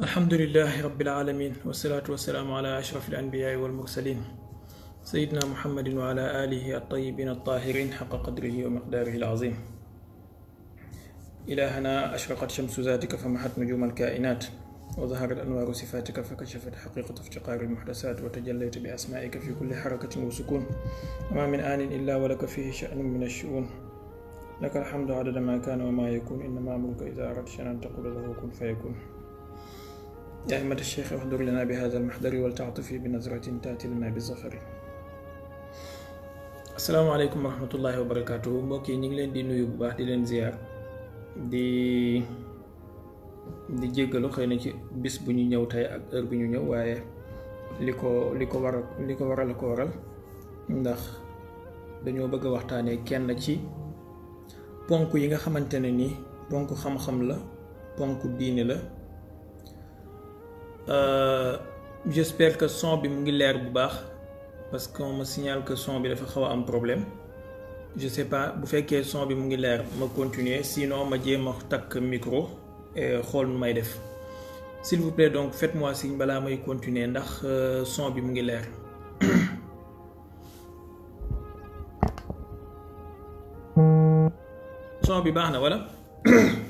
الحمد لله رب العالمين والصلاة والسلام على أشرف الأنبياء والمرسلين سيدنا محمد وعلى آله الطيبين الطاهرين حق قدره ومقداره العظيم إلهنا أشرقت شمس ذاتك فمحت نجوم الكائنات وظهرت أنوار صفاتك فكشفت حقيقة افتقار المحدثات وتجليت بأسمائك في كل حركة وسكون وما من آن إلا ولك فيه شأن من الشؤون لك الحمد عدد ما كان وما يكون إنما أمرك إذا أردت شأن أن تقول له كن فيكون يا أئمة الشيخ اهدر لنا بهذا المحضر ولتعطفي بنظرة تأتي لنا بظفر asalaamaaleykum wa rahmatullahi wa barakaatu mbokk ñu ngi leen di nuyu bu baax di leen ziar di di jéggalu xëy na ci bis bu ñu ñëw tey ak heure bu ñu ñëw waaye li ko li ko waral li ko waral ko waral ndax dañoo bëgg a waxtaanee kenn ci ponk yi nga xamante ne ni ponk xam-xam la ponk diine la Euh, j'espère que son bi mu ngi leer bu baax parce qu'on me signale que son bi dafa xaw a am problème je sais pas bu fekkee son bi mu ngi leer ma continuer sinon ma jéem a takk micro et xool nu may def s'il vous plaît donc faites-moi signe balaa may continuer ndax euh, son bi mu ngi leer. son bi baax na wala.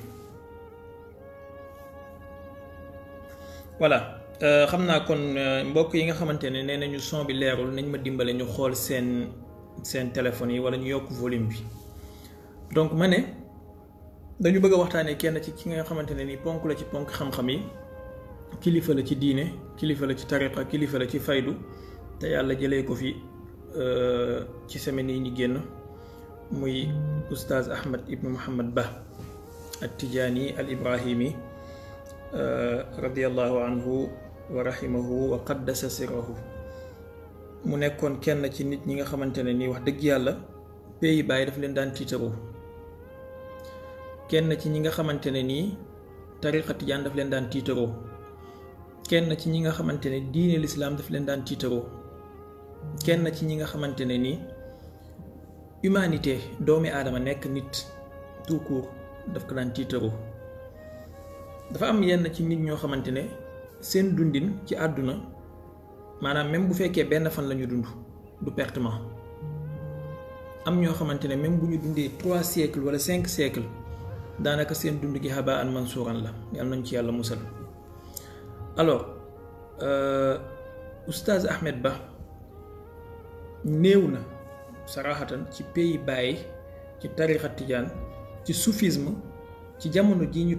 voilà euh, xam naa kon euh, mbokk yi nga xamante ne nee nañu son bi leerul nañ ma dimbale ñu xool seen seen téléphone yi wala ñu yokk volume bi donc ma ne dañu bëgg a waxtaanee kenn ci ki nga xamante ne ni ponk la ci ponk xam-xam yi kilifa la ci diine kilifa la ci tariqa kilifa la ci faydu te yàlla jëlee ko fi euh, ci semaine yi ñu génn muy oustaz Ahmed Ibn Mouhamed Ba at Tijaani al Ibrahimi. Eh, radiallahu anhu wa rahimahu wa qaddasa sirahu mu nekkoon kenn ci nit ñi nga xamante ne nii wax dëgg yàlla pays Baye daf leen daan tiitaroo kenn ci ñi nga xamante ne nii tariqa tijaan daf leen daan tiitaroo kenn ci ñi nga xamante ne diine lislaam daf leen daan tiitaroo kenn ci ñi nga xamante ne nii humanité doomi aadama nekk nit tout court daf ko daan tiitaroo dafa am yenn ci nit ñoo xamante seen dundin ci àdduna même bu fekkee benn fan la ñu dund du pertement am ñoo xamante même bu ñu trois siècles wala cinq siècles daanaka seen dund gi xabaa an la yal nañ ci musal alors euh, oustaz Ahmed Ba néew na ci pays Baye ci Dans ci soufisme ci jamono ji ñu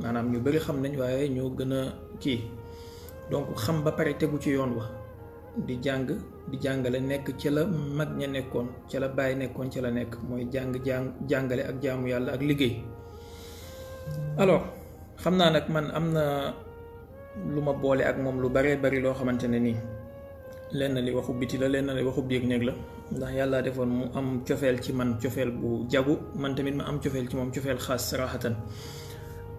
maanaam ñu bari xam nañ waaye ñoo gën a kii donc xam ba pare tegu ci yoon wa di jàng di jàngale nekk ca la mag ña nekkoon ca la bàyyi nekkoon ca la nekk mooy jàng jàng jàngale ak jaamu yàlla ak liggéey alors xam naa nag man am na lu ma boole ak moom lu baree bari loo xamante ne nii lenn li waxu biti la lenn li waxu biir néeg la ndax yàlla defoon mu am cofeel ci man cofeel bu jagu man tamit ma am cofeel ci moom cofeel xaas saraxatan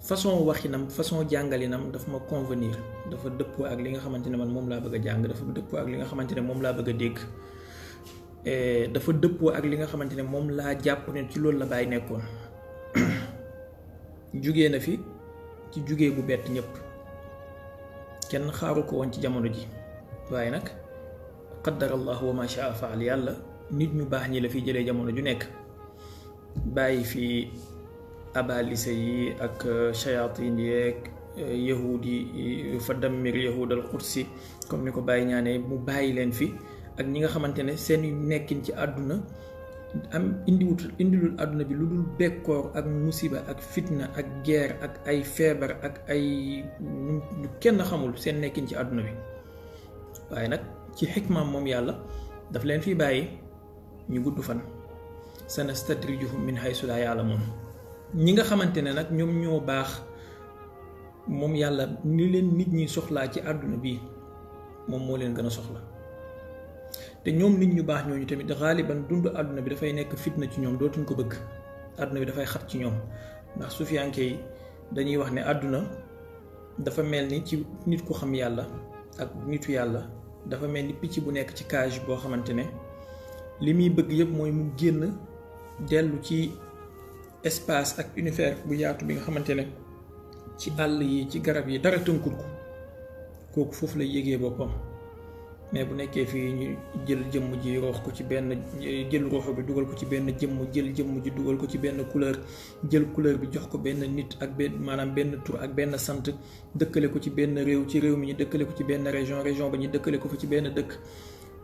façon waxinam façon jàngalinam dafa ma convenir dafa dëppoo ak li nga xamante ne man moom laa bëgg a jàng dafa dëppoo ak li nga xamante ne moom laa a dégg dafa dëppoo ak li nga xamante ne moom laa jàpp ne ci loolu la bàyyi nekkoon jóge na fi ci jugee bu bett ñëpp kenn xaaru ko woon ci jamono ji waaye nag qaddara allahu wa ma shaa faal yàlla nit ñu baax ñi la fi jëlee jamono ju nekk bàyyi fi أباليسي أك شياطين يك يهودي فدمر يهود القدس كم نكو باي نياني مو باي لين في ak ñi nga xamantene seen nekkin ci àdduna am indiwut indilul aduna bi lu dul bekkoor ak musiba ak fitna ak guerre ak ay feebar ak ay ñu kenn xamul seen nekkin ci àdduna bi waaye nag ci xikmaam moom yàlla daf leen fi bàyyi ñu gudd fan sanastadrijuhum min haysu la yaalamuun ñi nga xamante ne nag ñoom ñoo baax moom yàlla ni leen nit ñi soxlaa ci àdduna bi moom moo leen gën a soxla te ñoom nit ñu baax ñooñu tamit xaaliban dund àdduna bi dafay nekk fitna ci ñoom dootuñ ko bëgg àdduna bi dafay xat ci ñoom ndax sufiyanke dañuy wax ne àdduna dafa mel ni ci nit ku xam yàlla ak nitu yàlla dafa mel ni picc bu nekk ci cage boo xamante ne li muy bëgg yëpp mooy mu génn dellu ci espace ak univers bu yaatu bi nga xamante ne ci àll yi ci garab yi dara tënkul ko kooku foofu la yégee boppam mais bu nekkee fii ñu jël jëmm ji roox ko ci benn jël rooxo bi dugal ko ci benn jëmm jël jëmm ji dugal ko ci benn couleur jël couleur bi jox ko benn nit ak benn maanaam benn tur ak benn sant dëkkale ko ci benn réew ci réew mi ñu dëkkale ko ci benn région région ba ñu dëkkale ko fa ci benn dëkk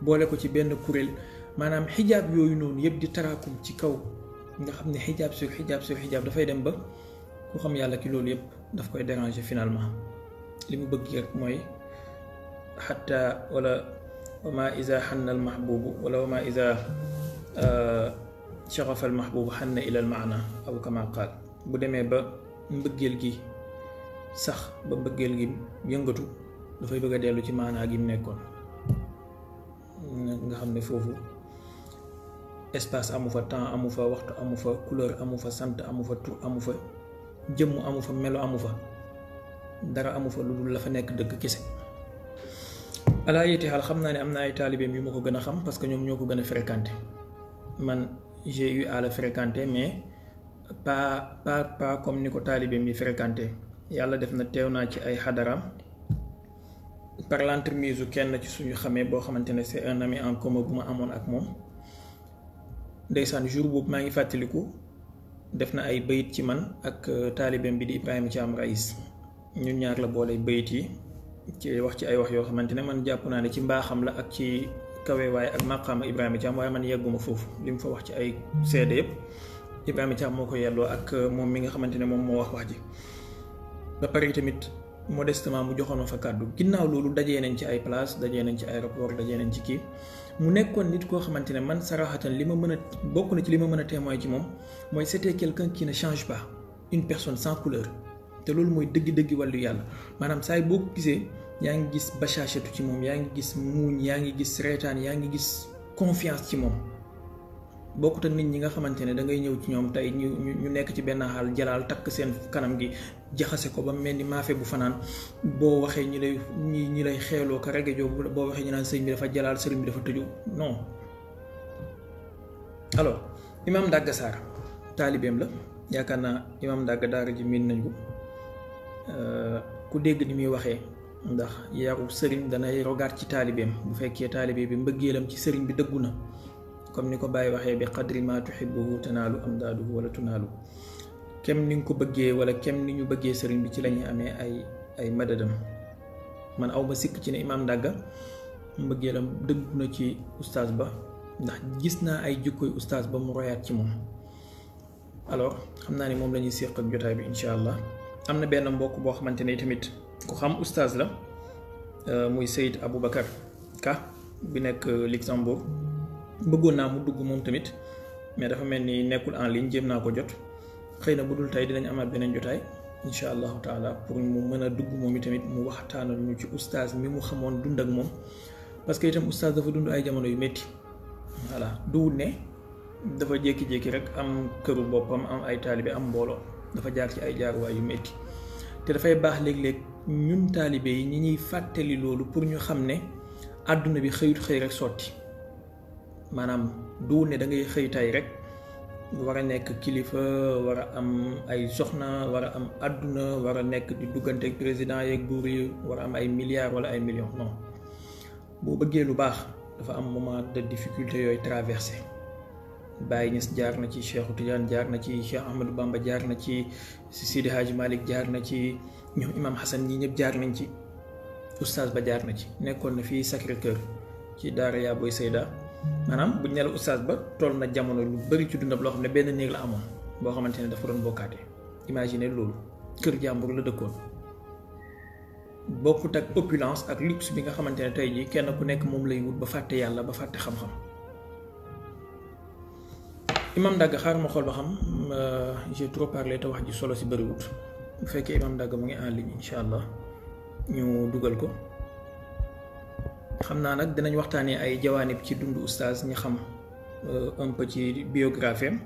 boole ko ci benn kuréel maanaam xijaab yooyu noonu yëpp di taraakum ci kaw nga xam ne xijaab sur xijaab sur xijaab dafay dem ba ku xam yàlla ki loolu yëpp daf koy déranger finalement li mu bëgg rek mooy xatta wala wama iza xanna al mahbubu wala wama iza sharafa al mahbubu xanna ila al maana aw kama qaal bu demee ba mbëggeel gi sax ba mbëggeel gi yëngatu dafay bëgg a dellu ci maanaa gi mu nekkoon nga xam ne foofu espace amu fa temps amu waxtu amufa couleur amufa sante amufa amu amufa tur amufa melo amufa dara amufa fa lu la fa nekk dëgg kese ala yéti hal xam naa ay taalibeem yu ma gëna xam parce que ñom ñoko gëna fréquenter man j'ai eu à le fréquenter mais pas pas pas comme ni ko taalibeem yi fréquenter yalla def na teew ci ay xadaraam par l'entremise kenn ci suñu xamé bo xamantene c'est un ami en commun buma amone ak mom ndeysaan jour boobu maa ngi fàttaliku def na ay bayit ci man ak euh, taalibeem bi di Ibrahima Thiam Raïs ñun ñaar la boole bayit yi ci wax ci ay wax yoo xamante ne man jàpp naa ne ci mbaaxam la ak ci kawe waaye ak maqaama Ibrahima Thiam waaye man yegguma foofu li mu fa wax ci ay seede yëpp Ibrahima caam moo ko yelloo ak euh, moom mi nga xamante ne moom moo wax wax ji ba pare tamit modestement mu joxoon ma fa kàddu ginnaaw loolu dajee nañ ci ay place dajee nañ ci aéroport dajee nañ ci kii mu nekkoon nit koo xamante ne man saraxatan li ma mën a bokk na ci li ma mën a témoin ci moom mooy c'était quelqu'un qui ne change pas une personne sans couleur te loolu mooy dëgg-dëgg wàllu yàlla maanaam saa boo ko gisee yaa ngi gis bachachatu ci moom yaa ngi gis muuñ yaa ngi gis reetaan yaa ngi gis confiance ci moom bokkut ak nit ñi nga xamante ne da ngay ñëw ci ñoom tey ñu ñu nekk ci benn xaal jalaal takk seen kanam gi jaxase ko ba mel ni maafe bu fanaan boo waxee ñi lay ñi ñi lay xeeloo ko rege joo boo waxee ñu naan sëriñ bi dafa jalaal sëriñ bi dafa tëju non alors imaam Ndagga taalibeem la yaakaar naa imaam Ndagga daara ji miin nañ ko euh, ku dégg ni muy waxee ndax yaru sëriñ danay rogaat ci taalibeem bu fekkee taalibe bi mbëggeelam ci sëriñ bi dëggu na كم نيكو باي وخي بقدر ما تحبه تنالو امداده ولا تنالو كم نينكو بغي ولا كم نينيو بغي سيرين بي تي امي اي اي مددم من اوما سيك تي امام داغا مبغي لام دغ نا استاذ با دا غيسنا اي جوكوي استاذ با مو رويات تي موم الوغ خمنا ني موم لا ني سيق ak jotay bi inshallah amna ben mbok bo xamanteni tamit ko استاذ la euh سيد ابو بكر كا bi nek bëggoon naa mu dugg moom tamit mais dafa mel ni nekkul en ligne jéem naa ko jot xëy na bu dul tey dinañ amaat beneen jotaay incha allahu taala pour mu mën a dugg moom itamit mu waxtaanal ñu ci oustaz mi mu xamoon dund ak moom parce que itam oustaz dafa dund ay jamono yu métti voilà duwut ne dafa jékki-jékki rek am këru boppam am ay taalibe am mbooloo dafa jaar ci ay jaaruwaay yu métti te dafay baax léeg-léeg ñun taalibe yi ñi ñuy fàttali loolu pour ñu xam ne àdduna bi xëyut xëy rek sotti. maanaam du ne da ngay xëy tay rek war a nekk kilifa war a am ay soxna war a am àdduna war a nekk di duggante ak président yeeg buur yi war a am ay milliards wala ay millions boo bëggee lu baax dafa am moment de difficulté yooyu traversé Baye Niass jaar na ci Cheikh Tidiane jaar na ci Cheikh Ahmadou Bamba jaar na ci Sidi Hadj Malick jaar na ci ñoom Imam Hassan ñi ñëpp jaar nañ ci oustaz ba jaar na ci nekkoon na fii Sacré Cœur ci daara yaa maanaam bu ñu ne ba toll na jamono lu bari ci dundab loo xam ne benn néeg la amoon boo xamante ne dafa doon bokkaate imagine loolu kër jàmbur la dëkkoon bokkut ak opulence ak luxe bi nga xamante ne tey jii kenn ku nekk moom lay wut ba fàtte yàlla ba fàtte xam-xam imam dagg xaar ma xool ba xam euh, j'ai trop parlé te wax ji solo si bëriwut bu fekkee imam dagg mu ngi en ligne incha allah ñu dugal ko xam naa nag dinañ waxtaanee ay jawaanib ci dundu oustaz ñi xam euh, un peu ci biographie am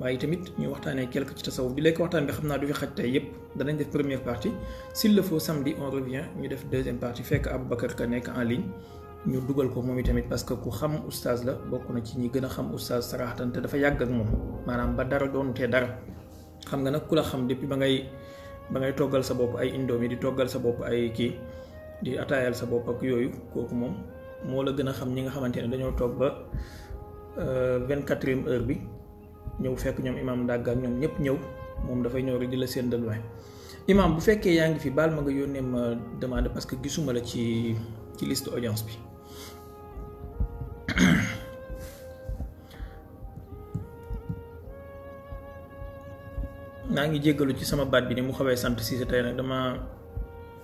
waaye tamit ñu waxtaanee quelque ci tasawuf bi lekk waxtaan bi xam naa du fi xaj tey yépp danañ def première partie s'il le faut samedi on revient ñu def deuxième partie fekk Aboubacar Ka nekk en ligne ñu dugal ko moom itamit parce que ku xam oustaz la bokk na ci ñi gën a xam sa saraxatan te dafa yàgg moom maanaam ba dara doontee dara xam nga nag ku la xam depuis ba ngay ba ngay toggal sa bopp ay indomi di toggal sa bopp ay kii di ataayal sa bopp yooyu kooku moom moo la gën a xam ñi nga xamante ne dañoo toog ba euh, vingt-quatrième heure bi ñëw fekk ñoom imaam ndàgg ak ñoom ñëpp ñëw moom dafay ñëw rek di la seen dalwaay imaam bu fekkee yaa ngi fi baal ma nga yónnee ma demande parce que gisuma la ci ci liste audience bi naa ngi jéggalu ci sama baat bi ni mu xawee sant si tey nag dama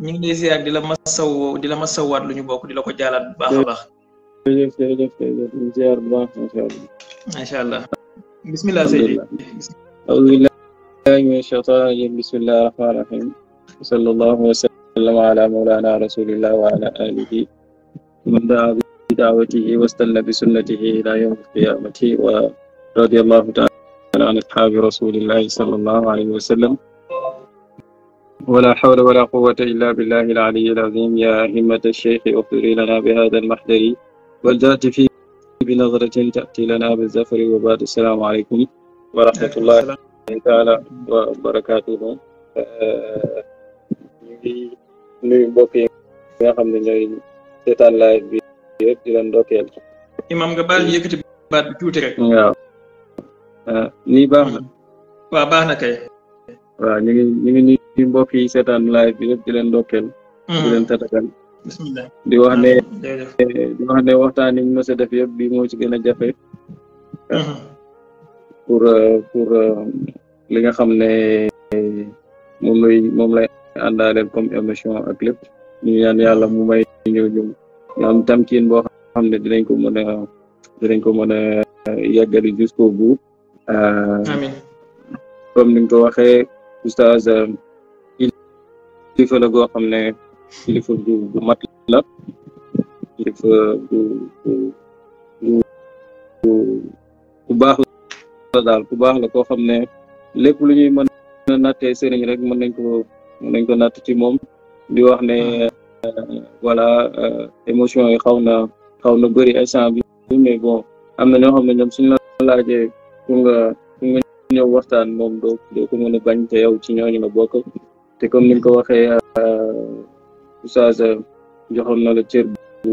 ñu ngi lay ziar di la ma saw di la ma sawaat lu ñu bokk di la ko jaalaat bu baax a baax. jërëjëf jërëjëf jërëjëf ziar bu baax macha allah. macha allah. bisimilah sëñ bi. الله من الشيطان الرجيم بسم الله الرحمن الرحيم وصلى الله وسلم على مولانا رسول الله وعلى آله ومن دعا بدعوته واستنى بسنته إلى يوم القيامة ورضي الله تعالى عن أصحاب رسول الله صلى الله عليه وسلم ولا حول ولا قوة إلا بالله العلي العظيم يا أئمة الشيخ اغفري لنا بهذا المحضر والذات في بنظرة تأتي لنا بالزفر وبعد السلام عليكم ورحمة الله تعالى وبركاته ñu ngi nuyu mbokk yi nga xam ne ñooy seetaan live bi yëpp di leen ndokkeel imam nga baal waaw ñu ngi ñu ngi mbokk yi seetaan live bi yëpp di leen ndokkeel. Mm-hmm. di leen tatagal. bismillah di wax ne. Eh, di wax ne waxtaan yi ñu mës a def yëpp bii moo ci gën a jafe. Mm-hmm. pour euh, euh, li nga xam ne moom lay moom lay àndaaleel comme émission ak lépp ñu ñaan yàlla mu may mam ñu am tamkiin boo xam ne dinañ ko mën a dinañ ko mën a yeggali jusqu'au bout. Euh, amiin comme ni nga waxee. oustaz kilifa euh, la goo xam ne kilifa bu bu mat la kilifa baax la daal bu baax la koo xam ne lépp lu ñuy mën a nattee sëriñ rek mën nañ ko mën nañ ko natt ci moom di wax ne ah. euh, voilà euh, émotion yi xaw na xaw na bëri instant bon am na ñoo xam la laajee pour nga pour nga ñëw waxtaan moom doo ko mën bañ te yow ci ñooñu nga bokk te comme ni nga ko waxee euh, oustaz euh, joxoon na la cër bu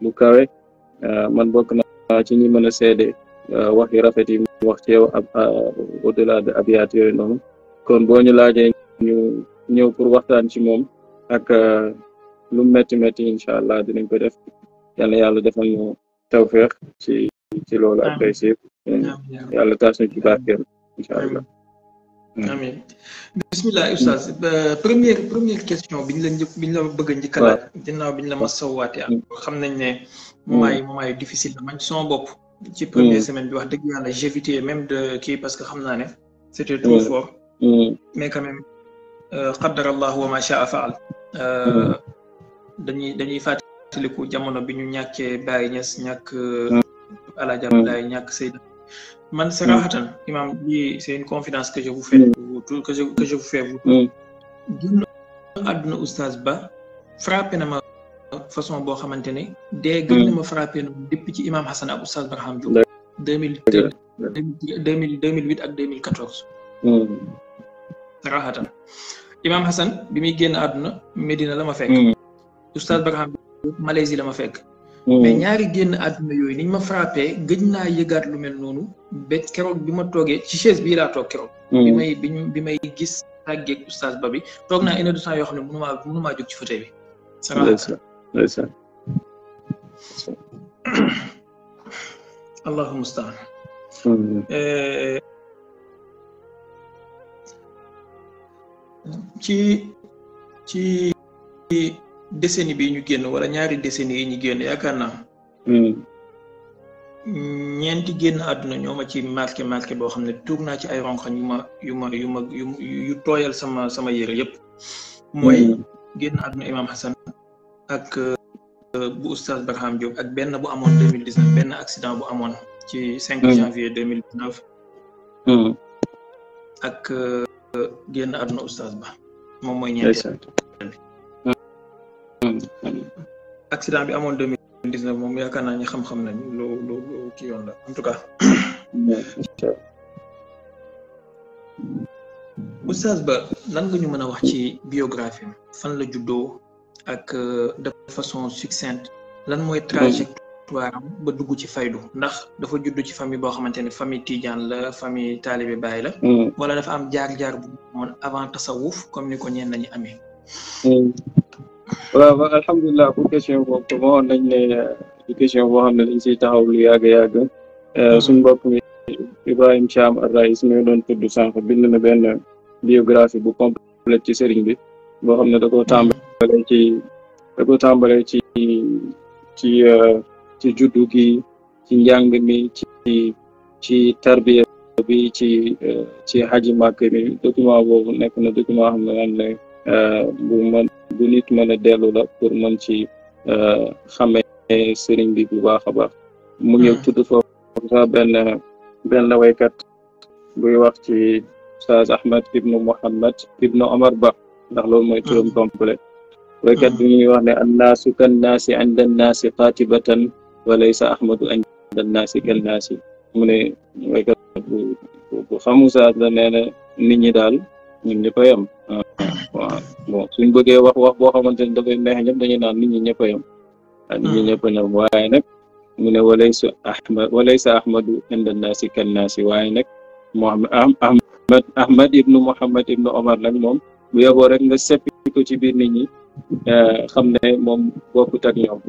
bu kawe euh, man bokk naa ci ñi mën a seede wax yu rafet yi wax ci yow ab au delà de abiyaat yooyu noonu kon boo ñu laajee ñu ñëw pour waxtaan ci moom ak lu metti metti incha allah dinañ ko def yàlla yàlla defal ñu tawfeex ci loolu ak tey taas ñu ci barkeem Amin. Hmm. Bismillah Ustaz, eh, premier première première question bi ñu la njëkk bi ñu la bëgg a njëkkalaat ginnaaw bi ñu la ma sawaatee ak ya. hmm. xam nañ ne moment yi difficile la man ci sama bopp ci première hmm. semaine bi wax dëgg yàlla j'évité même de kii parce que xam naa ne c'était trop fort mais quand même euh, qaddara Allah wa ma sha'a faal euh, dañuy dañuy fàttaliku jamono bi ñu ñàkkee Baye Niass ñàkk Alaaji Abdoulaye man sarahatan mm. imam lii c'est une confidence que je vous fais vous tout que je que je àdduna oustaz ba frappé na ma façon boo xamante ne dee gën na mm. ma na depuis ci imam Hassan ak oustaz Barham Diouf deux mille deux mille deux mille huit ak deux mille quatorze mm. sarahatan imam Hassan bi muy génn àdduna Medina la ma fekk oustaz Barham Diouf la ma fekk mais ñaari génn àdduna yooyu niñ ma frappé gëj naa yëgaat lu mel noonu ba keroog bi ma toogee ci chaise bii laa toog keroog. bi may bi may gis tàggeeg oustaz ba bi toog naa une heure de temps yoo xam ne mënumaa mënumaa jóg ci fauteuil bi. salaamaaleykum ndeysaan ci ci. décennie bi ñu génn wala ñaari décennie yi ñu génn yaakaar naa. Hmm. ñeenti génn àdduna ñoo ma ci marqué marqué boo xam ne tuur naa ci ay ronxañ yu ma yu ma yu yu tooyal sama sama yére yëpp. mooy hmm. génn àdduna Imam Hassan ak euh, bu oustaz Barham Diop ak benn bu amoon deux mille dix neuf benn accident bu amoon. ci cinq hmm. janvier deux mille dix neuf. ak euh, génn àdduna oustaz ba moom mooy ñeenti. accident bi amoon 2019 mom yaaka na ñi xam-xam nañ lo lo ki yoon la en tout cas. Oustaz Ba lan nga ñu mëna wax ci biographie fan la juddoo ak euh, de façon succincte lan mooy trajectoire ba dugg ci faydu ndax dafa juddu ci famille boo xamante ne famille Tidiane la famille talibé Baye la. Mm. wala dafa am jaar-jaar bu mon avant tasawuf comme ni ko ñeen nañu amee. Mm. waaw alhamdulilah ku question boobu comme waxoon nañ ne euh, question boo xam ne dañ siy taxaw lu yàgg yàgg euh, hmm. suñ mbokk mi Ibrahim Thiam Arraïs mi doon tudd sànq bind na benn biographie bu complète ci sëriñ bi boo xam ne da ko hmm. tàmbalee ci da ko tàmbalee ci ci euh, ci juddu ci njàng mi ci ci tarbiya bi ci ci xaji màkk mi document boobu nekk na document xam ne am ne bu nit mën a dellu la pour mën ci euh, xamee sëriñ bi bu baax a baax mu ngi hmm. tudd foofu sax benn benn waykat buy wax ci Oustaz Ahmed ibnu Mouhammad ibnu Omar Ba ndax loolu mooy turam hmm. complet waykat bi hmm. ñuy wax ne annaasu kan naasi inda annaasi xaatibatan wa laysa ahmadu inda annaasi kan naasi mu ne waykat bu bu xamu saas la nee na nit ñi daal ñun ñëpp a waaw bon suñ bëggee wax wax boo xamante ni dafay neex ñëpp dañuy naan nit ñi ñëpp a yem nit ñi ñëpp a yem waaye nag mu ne walaysa ahmad waaye nag mohamad ahmad ahmad ibnu mouhamad ibnu omar nag moom bu yeboo rek nga seppi ko ci biir nit ñi eh, xam ne moom bokkut ak ñoom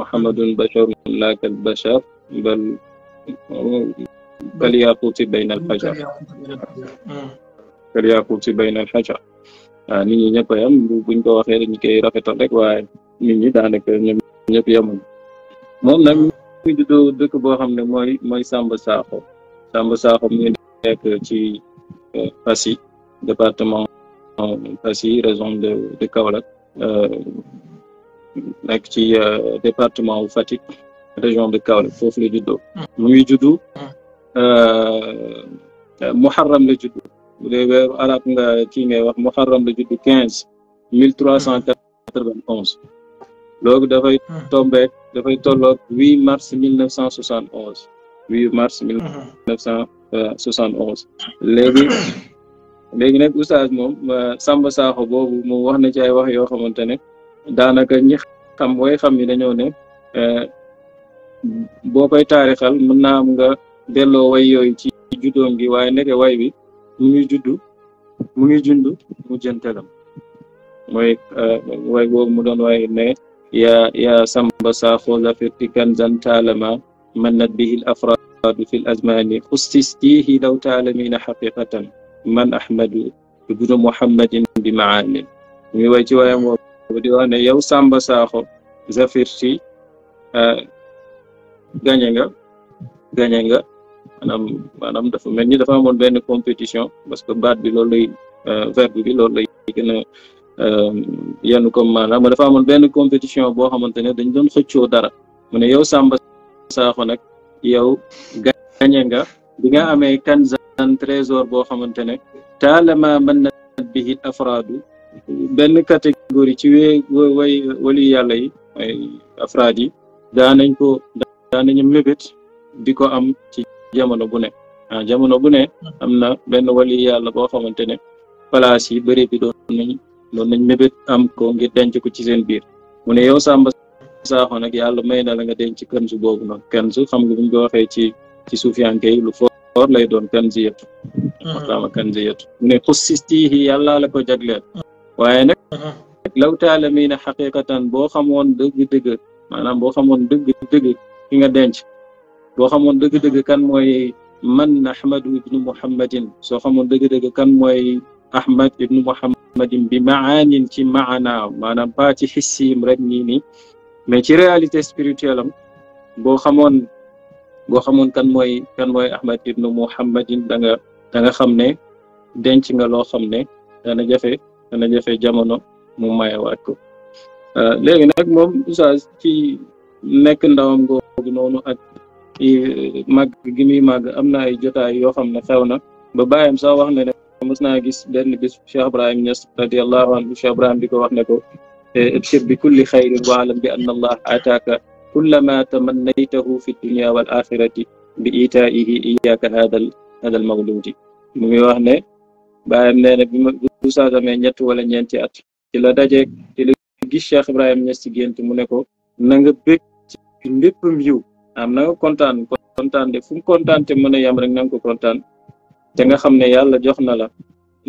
muhammadun basharun laakal bashar bal yaquti bayna al kal yaaquut si bayna xaca waaw ah, nit ñi ñëpp a buñ ko waxee dañ rafetal rek waaye nit ñi daanaka ñoom ñëpp yemuñ moom nag mu ngi juddoo dëkk boo xam ne mooy mooy Samba Sakho Samba Sakho mu ngi nekk ci euh, Passy département Passy région de de Kaolack euh, nekk ci euh, département wu Fatick région de Kaolack foofu la juddoo hmm. mu juddu hmm. Muharram la juddu bu dee weeru nga kii ngay wax mo la juddu quinze mille trois cent quatre vingt onze loolu dafay hmm. tombeek dafay tolloog huit mars mille neuf cent soixante onze huit mars mille hmm. neuf cent euh, soixante onze nag oustaz moom euh, Samba Sakho boobu mu wax na ci ay wax yoo xamante ne daanaka ñi xam way xam yi dañoo ne euh, boo koy taarixal mën naa am nga delloo way yooyu ci juddoom gi waaye nekk way bi mu ngi juddu mu ngi jundu mu jëntelam mooy euh, way boobu mu doon way ne yaa yaa samba saafo zafirti kanzan taalama mannat bihi l afraadu fi l azmani xustistihi law taalamina xaqiqatan man ahmadu ibnu muhammadin bi maanin muy way ci wayam woobu di wax ne yow samba saako zafirti euh, gañe nga nga maanaam maanaam dafa mel ni dafa amoon benn compétition parce que baat bi loolu lay euh, verbe bi loolu lay gën a euh, yenn comme ma dafa amoon benn compétition boo xamante ne dañ doon xëccoo dara mu ne yow Samba Sakho nag yow gañe nga bi nga amee kanzan trésor boo xamante ne taalama mën na bihi afraadu benn catégorie ci wee way walu yàlla yi afraad yi daanañ ko daanañu mébét di ko am ci jamono bu ne ah jamono bu ne am na benn wali yàlla boo xamante ne place yi bëri bi doon nañ doon nañ mébét am ko ngir denc ko ci seen biir mu ne yow Samba Sakho nag yàlla may na la nga denc kanzu boobu noonu kanzu xam nga buñ ko waxee ci ci suufiyanke yi lu foor lay doon kanziyatu mm-hmm. maqaama kanziyatu mu ne xussistihi yàlla la ko jagleel mm-hmm. waaye nag mm-hmm. law taalamiina xaqiqatan boo xamoon dëgg-dëgg maanaam boo xamoon dëgg-dëgg ki nga denc boo xamoon dëgg-dëgg kan mooy man ahmadu ibnu muhammadin soo xamoon dëgg-dëgg kan mooy ahmad ibnu muhammadin bi maanin ci maana maanaam pas ci xissiyim rek nii nii mais ci réalité spirituelle am boo xamoon boo xamoon kan mooy kan mooy ahmad ibnu muhammadin da nga da nga xam ne denc nga loo xam ne dana jafe dana jafe jamono mu mayewaat ko euh, léegi nag moom oustaz ci nekk ndawam googu noonu màgg gi muy màgg am na ay jotaay yoo xam ne xew na ba bàyyam sax wax na ne mës naa gis benn bis Cheikh Ibrahim Niass radiallahu anhu Cheikh Ibrahim di ko wax ne ko eh, ibshir bi kulli xayrin wa alam bi anna allah ataaka kulla ma tamannaytahu fi dunia wal axirati bi itaa'ihi iyaaka hadal mawludi mu ngi wax ne bàyyam nee na bi ma bu saasamee ñett wala ñeenti at ci la dajeeg gis Cheikh Ibrahim Niass ci gént mu ne ko na nga bég yiw am na nga kontaan kontaan kontaan te mën a rek na ko kontaan te nga xam ne yàlla jox na la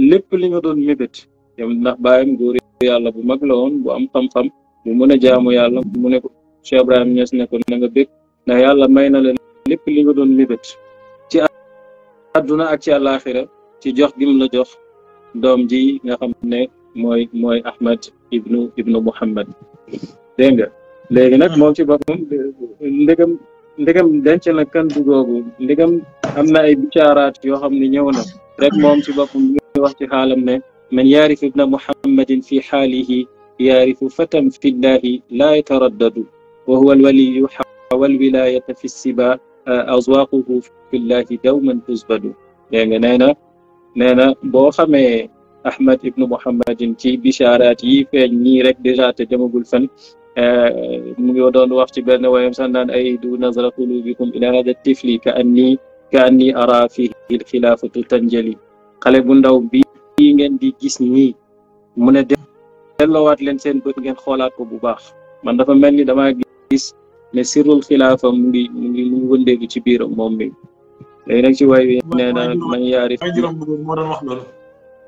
lépp li nga doon mébét yow ndax bàyyam góor yàlla bu mag la woon bu am xam-xam bu mën a jaamu yàlla mu ne ko Cheikh Ibrahim Niass ne ko na nga bég ndax yàlla may na la lépp li nga doon mébét ci àdduna ak ci àllaaxira ci jox gim la jox doom ji nga xam ne mooy mooy Ahmed ibnu ibnu Muhammad dégg nga léegi nag moom ci boppam ndegam ndegam dencal na kan bu googu ndegam am na ay bicaaraat yoo xam ne ñëw na rek moom ci boppam li ñuy wax ci xaalam ne man yaarifu ibna muhammadin fi xaalihi yaarifu fatan fi llahi laa yataraddadu wa huwa alwaliyu xawa alwilayata fi siba azwaquhu fi llahi dawman tusbadu dégg nga nee na nee na boo xamee ahmad ibnu muhammadin ci bicaaraat yi feeñ nii rek dèjà te jëmagul fan مي ودون وقت بين ويوم سنان اي دون نظر قلوبكم الى هذا الطفل كاني كاني ارى فيه الخلاف تنجلي قال ابن داو بي نين دي غيس ني من دلوات لين سين بوت نين خولات كو بو باخ من دا فا ملني دا ما غيس مي سر الخلاف مي مي ونديك سي بير موم مي لي نك سي واي نينا من يعرف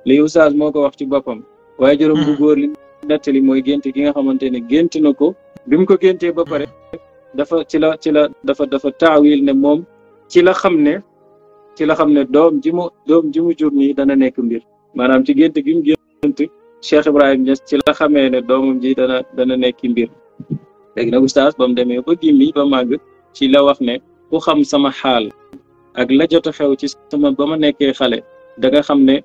لي استاذ موكو واخ سي بوبام واي جورم بو غور لي nettali mooy gént gi nga xamante ne gént na ko bi mu ko géntee ba pare dafa ci la ci la dafa dafa taawil ne moom ci la xam ne ci la xam ne doom ji mu doom ji mu jur nii dana nekk mbir maanaam ci gént gi mu gént Cheikh Ibrahim Niass ci la xamee ne doomam ji dana dana nekk mbir léegi nag oustaz ba mu demee ba gimmi ba màgg ci la wax ne ku xam sama xaal ak la jot a xew ci sama ba ma nekkee xale da xam ne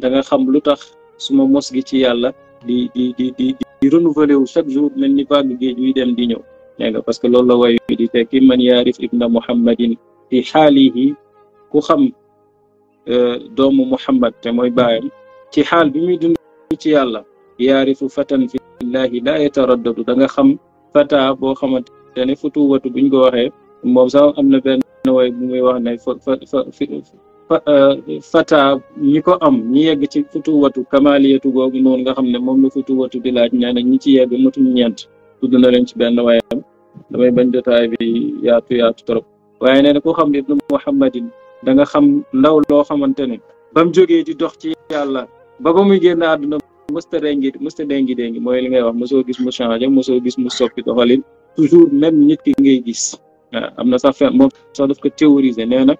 da xam lu tax suma mos gi ci yàlla di di di di di renouveler wu chaque jour mel ni vague géej yuy dem di ñëw dégg nga parce que loolu la way di tekki man yaarif ibna muhammadin fi xaalihi ku xam e, doomu muhammad te mooy baayam ci xaal bi muy dund ci yàlla yaarifu fatan fi llahi laa yataraddadu da nga xam fata boo xamante ne futuwatu buñ ko waxee moom sax am na benn way bu muy wax ne fa fa Euh, fata ñi ko am ñi yegg ci futuwatu kamaliyatu googu noonu nga xam ne moom la futuwatu di laaj nee na ñi ci yegg matul ñeent tu na leen ci benn waayam damay bañ jotaay bi yaatu yaatu waaye nee na ku xam ibnu muhammadin da nga xam ndaw loo xamante ne ba mu jógee di dox ci yàlla ba ba muy génn àdduna mësta dengi mësta dengi dengi mooy li ngay wax mosoo gis mu changé mosoo gis mu soppi doxalin toujours même nit ki ngay gis am na sax moom sax daf ko théoriser nee na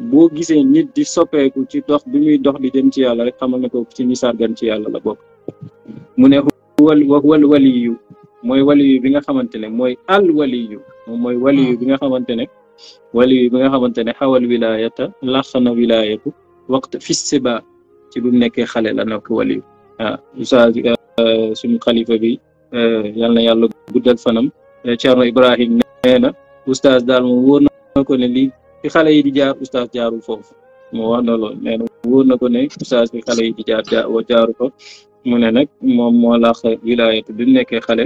boo gisee nit di soppeeku ci dox bi muy dox di jëm ci yàlla rek xamal ne ko ci ñi sargan ci yàlla la bokk mu ne wal wal waliyu mooy waliyu bi nga xamante ne mooy al waliyu moom mooy waliyu bi nga xamante ne waliyu bi nga xamante ne xawal wilaayata làq na wilaayatu waxtu fi siba ci bu nekkee xale la nekk waliyu waaw ah, Oustaz ah, suñu xalifa bi eh, yal na yàlla guddal fanam eh, Thierno Ibrahim nee na Oustaz daal moom wóor na ko ne lii fi xale yi di jaar oustaz jaarul foofu mu wax na loolu nee na na ko ne oustaz fi xale yi di jaar jaaru ko mu ne nag moom moo laax wilaayatu bi mu nekkee xale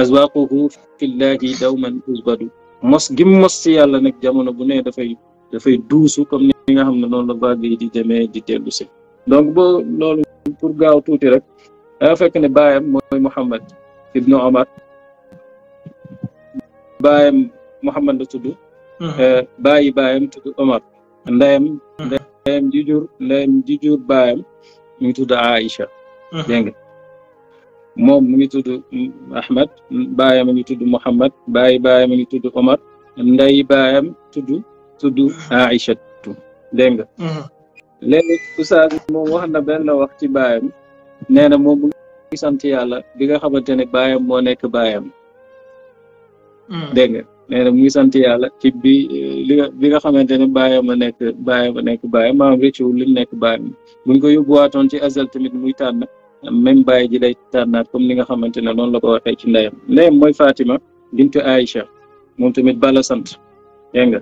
azwaquhu fillahi dawman usbadu mos gim mos si yàlla nag jamono bu ne dafay dafay duusu comme ni nga xam ne noonu la vague di demee ji dellu si donc boo loolu pour gaaw tuuti rek daa fekk ne baayam mooy Muhammad ibnu Omar baayam Muhammad la tudd Mhm. Eh, bayi baayam tudd Omar ndeyam mhm. ndeyam ji jur ndeyam ji jur baayam mu ngi tudd Aïcha mhm. mu ngi tudd Ahmad baayam mu ngi tudd Muhammad bay baayam mu ngi tudd Omar nday baayam tudd tudd Aïcha dégg nga léegi oustaz moom wax na benn wax ci baayam nee na moom mu ngi sant yàlla bi nga xamante ne baayam moo nekk nee na mu sant yàlla ci bi li bi nga xamante ne bàyyam a nekk bàyyam a nekk bàyyam maam rëccuwul li mu nekk bàyyam buñ ko yóbbuwaatoon ci azal tamit muy tànn même bàyyi ji lay tànnaat comme ni nga xamante ne noonu la ko waxee ci ndeyam ndeyam mooy Fatima bintu Aïcha moom tamit bala sant dégg nga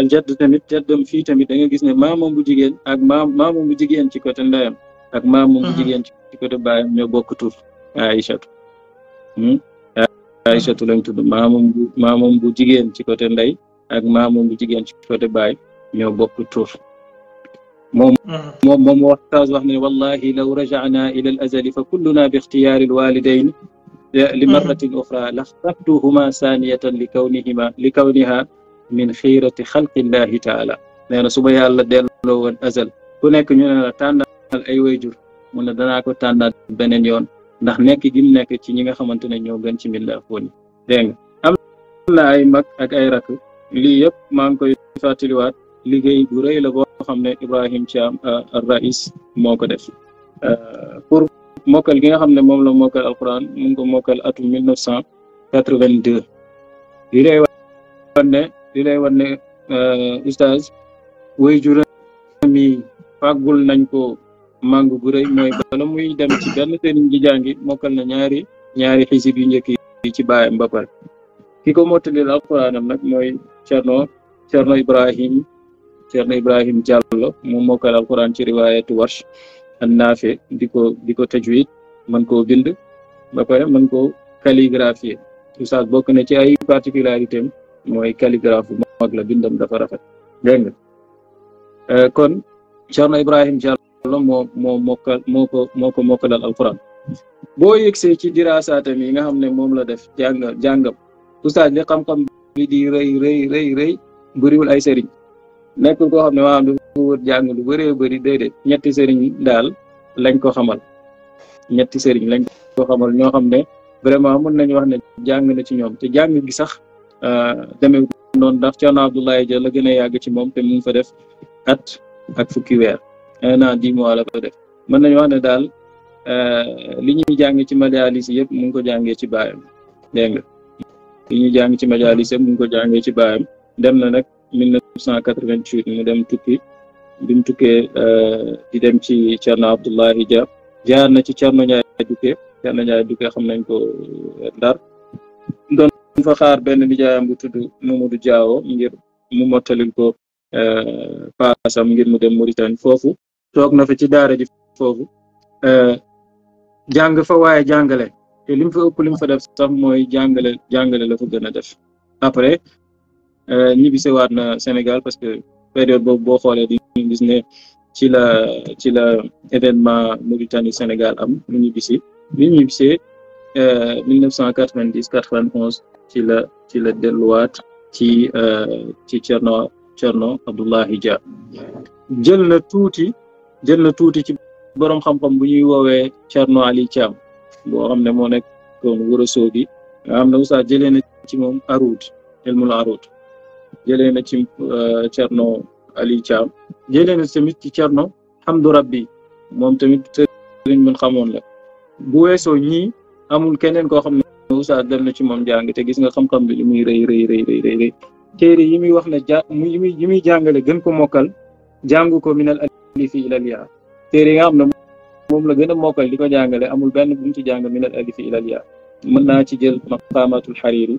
aljadd euh, tamit jaddam fii tamit da nga gis ne maamam bu jigéen ak maam maamam bu jigéen ci côté ndeyam ak maamam bu mm-hmm. jigéen ci côté bàyyam ñoo bokk tur Aïchatu hmm? Aysatu lañ tudd maamam bu maamam bu jigéen ci côté ndey ak maamam bu jigéen ci côté baay ñoo bokk tur moom mm. moom moom waxtaas wax ne wallahi law rajaana ila al azali fa kulluna bi ixtiyaari al walidayn li mm. marratin oxra laxtartuhuma saaniyatan li kawnihima li kawniha min xiirati xalqillahi taala nee na suba yàlla delloo woon azal ku nekk ñu ne la tànnal ay wayjur mu ne danaa beneen yoon ndax nekk gi mu nekk ci ñi nga xamante ne ñoo gën ci mbindaafoon a dégg nga am na ay mag ak ay rakk lii yëpp maa ngi koy fàttaliwaat liggéey bu rëy la boo xam ne Ibrahim Thiam euh, Raïs moo ko def euh, pour mokkal gi nga xam ne moom la mokkal alquran mu ngi ko mokkal atum mille neuf cent quatre-vingt-deux li lay wan ne li lay wan euh, nañ ko màng gu rëy mooy bala muy dem ci benn sëriñ di jàngi mokkal na ñaari ñaari xisib yu njëkk yi ci baayam ba pare ki la mottalil alxuraanam nag mooy Cerno Cerno Ibrahim Cerno Ibrahim Diallo mu mokkal alxuraan ci tu Warsh an naafe di ko di ko tajwid mën koo bind ba pare mën koo calligraphier Oustaz bokk na ci ay particularités am mooy calligraphe bu la bindam dafa rafet dégg euh, kon Cerno Ibrahim Diallo la moo moo mokkal moo ko moo ko mokkalal alquran boo yëgsee ci dirasaatam yi nga xam ne moom la def jàng jàngam oustaz li xam-xam bi di rëy rëy rey rëy bëriwul ay sëriñ nekk koo xam ne maanaam dafa jàng lu bëree bëri déedéet ñetti sëriñ daal lañ ko xamal ñetti sëriñ lañ ko xamal ñoo xam ne vraiment mën nañu wax ne jàng na ci ñoom te jàng gi sax euh, demee noonu ndax Cerno Abdoulaye Dia la gën a yàgg ci moom te mu ngi fa def at ak fukki weer un an mois la mën nañu wax ne daal euh, li ñuy jàng ci majalis yëpp mu ngi ko jàngee ci baayam dégg nga ñuy jàng ci majalis yëpp mu ko jàngee ci baayam dem na nag mille neuf cent quatre-vingt-huit mu dem tukki bi mu tukkee euh, di dem ci Cerno Abdullahi ja jaar na ci Cerno Njaay Dukke Cerno Njaay Dukke xam nañ ko euh, Ndar doon fa xaar benn nijaayam bu tudd Mamadou Diawo ngir mu mottalil ko paasam ngir mu dem Mauritanie foofu toog na fa ci daara ji foofu euh, jàng fa waaye jàngale te lim fa ëpp lim fa def sax mooy jàngale jàngale la fa gën a def après euh, ñibbisewaat na Sénégal parce que période boobu boo xoolee di gis ne ci la ci la événement Mauritanie Sénégal am mu ñibbisi bi ñu ñibbisee euh, mille neuf cent quatre vingt ci la ci la delluwaat ci ci Cerno Cerno Abdoulahi Dia jël na tuuti jël na tuuti ci boroom xam bu ñuy woowee Thierno Ali Thiam boo xam ne moo nekk doon wër soo bi nga xam ne jëlee na ci moom aruud ilmul aruud jëlee na ci Thierno euh, Ali Thiam jëlee na tamit ci Thierno Hamdu Rabbi moom tamit sëriñ mun xamoon la bu weesoo ñii amul keneen koo xam ne Oustaz dal na ci moom jàng te gis nga xam-xam bi li muy rëy rëy rëy rëy rëy téere yi muy wax ne ja muy jàngale gën ko mokkal jàngu ko minal alif ilal yaa téere yi nga xam moom la gën a mokkal di ko jàngale amul benn buñ ci jàng minal alif ilal yaa mën naa ci jël maqamatul xariri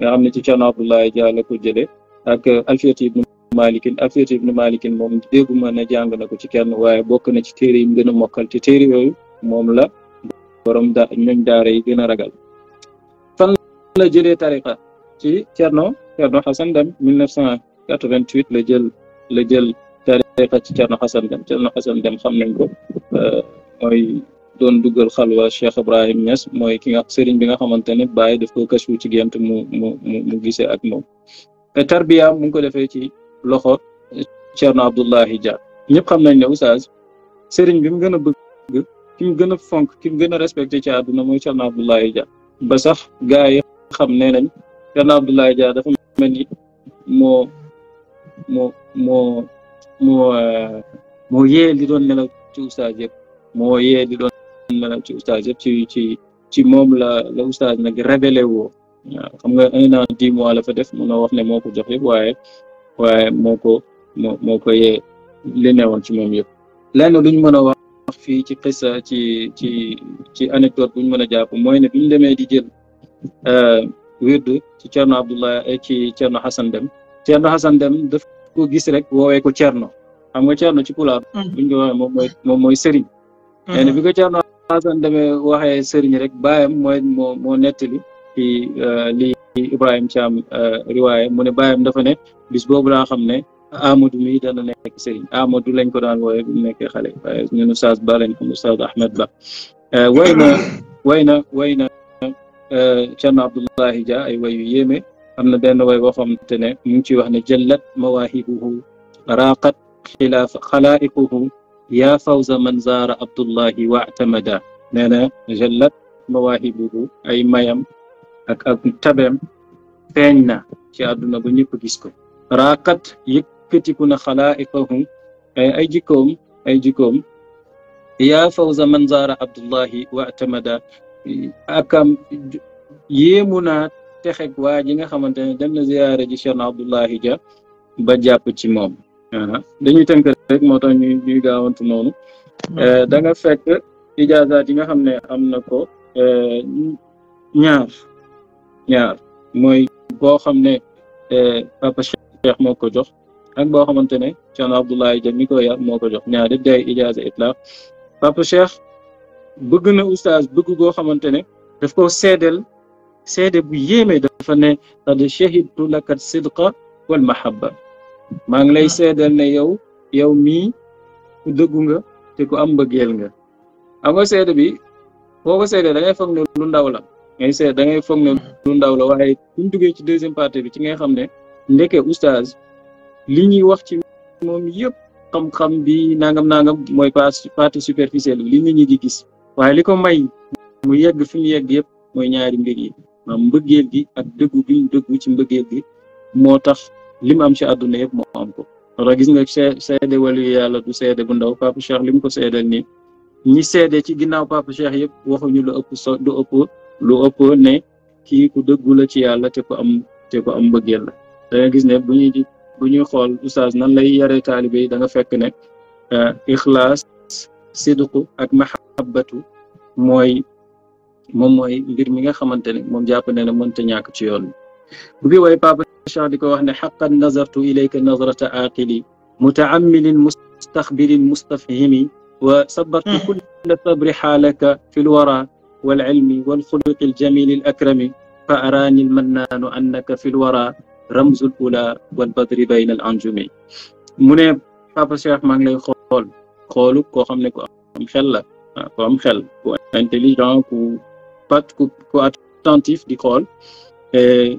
nga xam ne ci Cerno Abdoulaye Dia la ko jële ak alfiyati ibnu malikin alfiyati ibnu malikin moom déggu mën a jàng na ko ci kenn waaye bokk na ci téere yi mu gën a mokkal te téere yooyu moom la borom da ñoñ daara yi gën a ragal fan la jëlee tariqa ci Cerno Cerno Xasan Dem 1988 la jël la jël tariqa ci Cerno Xasan Dem Cerno Xasan Dem xam nañ ko euh, mooy doon duggal xalwa Cheikh Ibrahim Niass mooy ki nga sëriñ bi nga xamante ne def daf ko kashfu ci gént mu mu mu gisee ak moom te tarbiya ko defee ci loxo Cerno Abdullahi Dia ñëpp xam nañ ne oustaz sëriñ bi mu gën a bëgg ki mu gën a fonk ki mu gën a respecté ci àdduna mooy Cerno Abdullahi Dia ba sax gaa yi xam ne nañ Cerno Abdullahi Dia dafa mel ni moo moo moo moo moo yee li doon nelaw ci oustaz yëpp moo yee li doon nelaw ci oustaz yëpp ci ci ci moom la la oustaz nag révélé woo xam nga un an dix mois la fa def munoo wax ne moo ko jox yëpp waaye moo ko moo moo ko yee li newoon ci moom yëpp lenn lu ñu mën a wax fii ci xissa ci ci ci anecdote bu ñu mën a jàpp mooy ne bi ñu demee di jël euh, wirdu ci Cerno Abdullah ci Cerno Xasan Dem Cerno Xasan Dem ku gis rek woowee ko Cerno xam nga Cerno ci pulaar mm. buñ ko waxee moom mooy moom mooy sëriñ mm-hmm. nee na rek baayam mooy moo moo nettali euh, li Ibrahima Thiam euh, riwaaye mu ne baayam dafa ne bis boobu laa xam ne Amadou mi dana nekk sëriñ Amadou lañ ko daan wooyee bu mu xale waaye ñu nu Saas Ba Ahmed Ba euh, way na way na way ay wayu yéeme am na benn way boo xamante ne mu ngi ciy wax ne jëllat mawaahibuhu raaqat xilaaf xalaaiquhu yaa fawza man zaara abdullahi wa atamada nee na jëllat mawaahibuhu ay mayam ak ak tabeem feeñ na ci àdduna ba ñëpp gis ko raaqat na xalaaiquhu ay ay jikkoom ay jikkoom yaa fawza man zaara abdullahi wa atamada akam yéemu texeg waa ji nga xamante ne dem na ziyaare ji Cheikh Abdoulahi Dia ba jàpp ci moom ah, dañuy tënk rek moo tax ñuy ñuy gaawantu noonu mm. eh, da nga fekk ijaazaat yi nga xam ne am na ko eh, ñaar ñaar mooy boo xam ne eh, papa Cheikh moo ko jox ak boo xamante ne Cheikh Abdoulahi Dia mi ko yar moo ko jox ñaar yëpp day ijaaza itlaq papa Cheikh bëgg na oustaz bëgg goo xamante ne daf ko seedeel seede bu yéeme dafa ne qad shahidtu laka sidqa wal mahabba maa ngi lay seedal ne yow yow mii ku dëggu nga te ku am mbëggeel nga xam nga seede bi boo ko seedee da ngay foog ne lu ndaw la ngay seet da ngay foog ne lu ndaw la waaye bu ñu duggee ci deuxième partie bi ci ngay xam ne ndeke oustaz li ñuy wax ci moom yëpp xam-xam bi nangam nangam mooy partie superficielle bi li nit ñi di gis waaye li ko may mu yegg fi mu yegg yëpp mooy ñaari mbir yi maanaam mbëggeel gi ak dëggu gi dëggu ci mbëggeel gi moo tax li mu am ci àdduna yëpp moo am wala gis nga seede wàllu yàlla du seede bu ndaw papa Cheikh li mu ko seedeel ni ñi seede ci ginnaaw papa Cheikh yëpp waxuñu lu ëpp so lu ëpp lu ëpp ne kii ku dëggu la ci yàlla te ko am te ko am mbëggeel la da nga gis ne bu ñuy bu ñuy xool oustaz nan lay yaree taalibe yi da nga fekk ne euh, ixlaas sidqu ak mahabbatu mooy moom mooy mbir mi nga xamante ne moom jàpp ne ne mënta ñàkk ci yoon bu bi way Papa Cheikh di ko wax ne xaqan nazartu ilayka nazrata aqili mutaamilin mustaxbirin mustafhimi wa sabartu hmm. kulla sabri xaalaka fi lwara والعلم والخلق الجميل الأكرم فأراني المنان أنك في الورى رمز الأولى والبدر بين الأنجم mu ne Papa Cheikh maa ngi lay xool xoolu koo xam ne ku am xel la ku am xel ku intelligent ku pat ku ku attentif di xool e,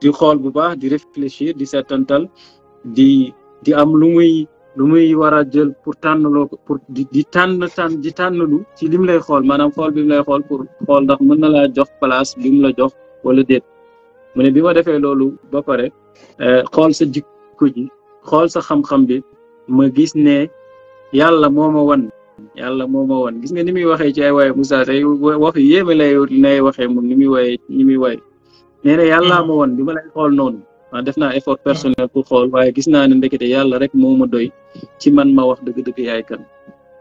di xool bu baax di réfléchir di seetantal di di am lu muy lu muy war a jël pour tànnaloo ko pour di di tànn tànn di tànnalu ci lim lay xool maanaam xool bi mu lay xool pour xool ndax mën na laa jox place bi la jox wala déet mu ne bi ma defee loolu ba pare e, xool sa jikko ji xool sa xam-xam bi ma gis ne yàlla moo ma wan yàlla moo ma woon gis nga ni muy waxee ci ay waaye Moussa tey wax yéeme lay nay waxee moom ni muy waaye ni muy waaye nee mm. ma woon bi ma lay xool noonu ah def naa effort personnel pour xool waaye gis naa ne ndekete yàlla rek moo ma doy ci man ma wax dëgg-dëgg yaay kan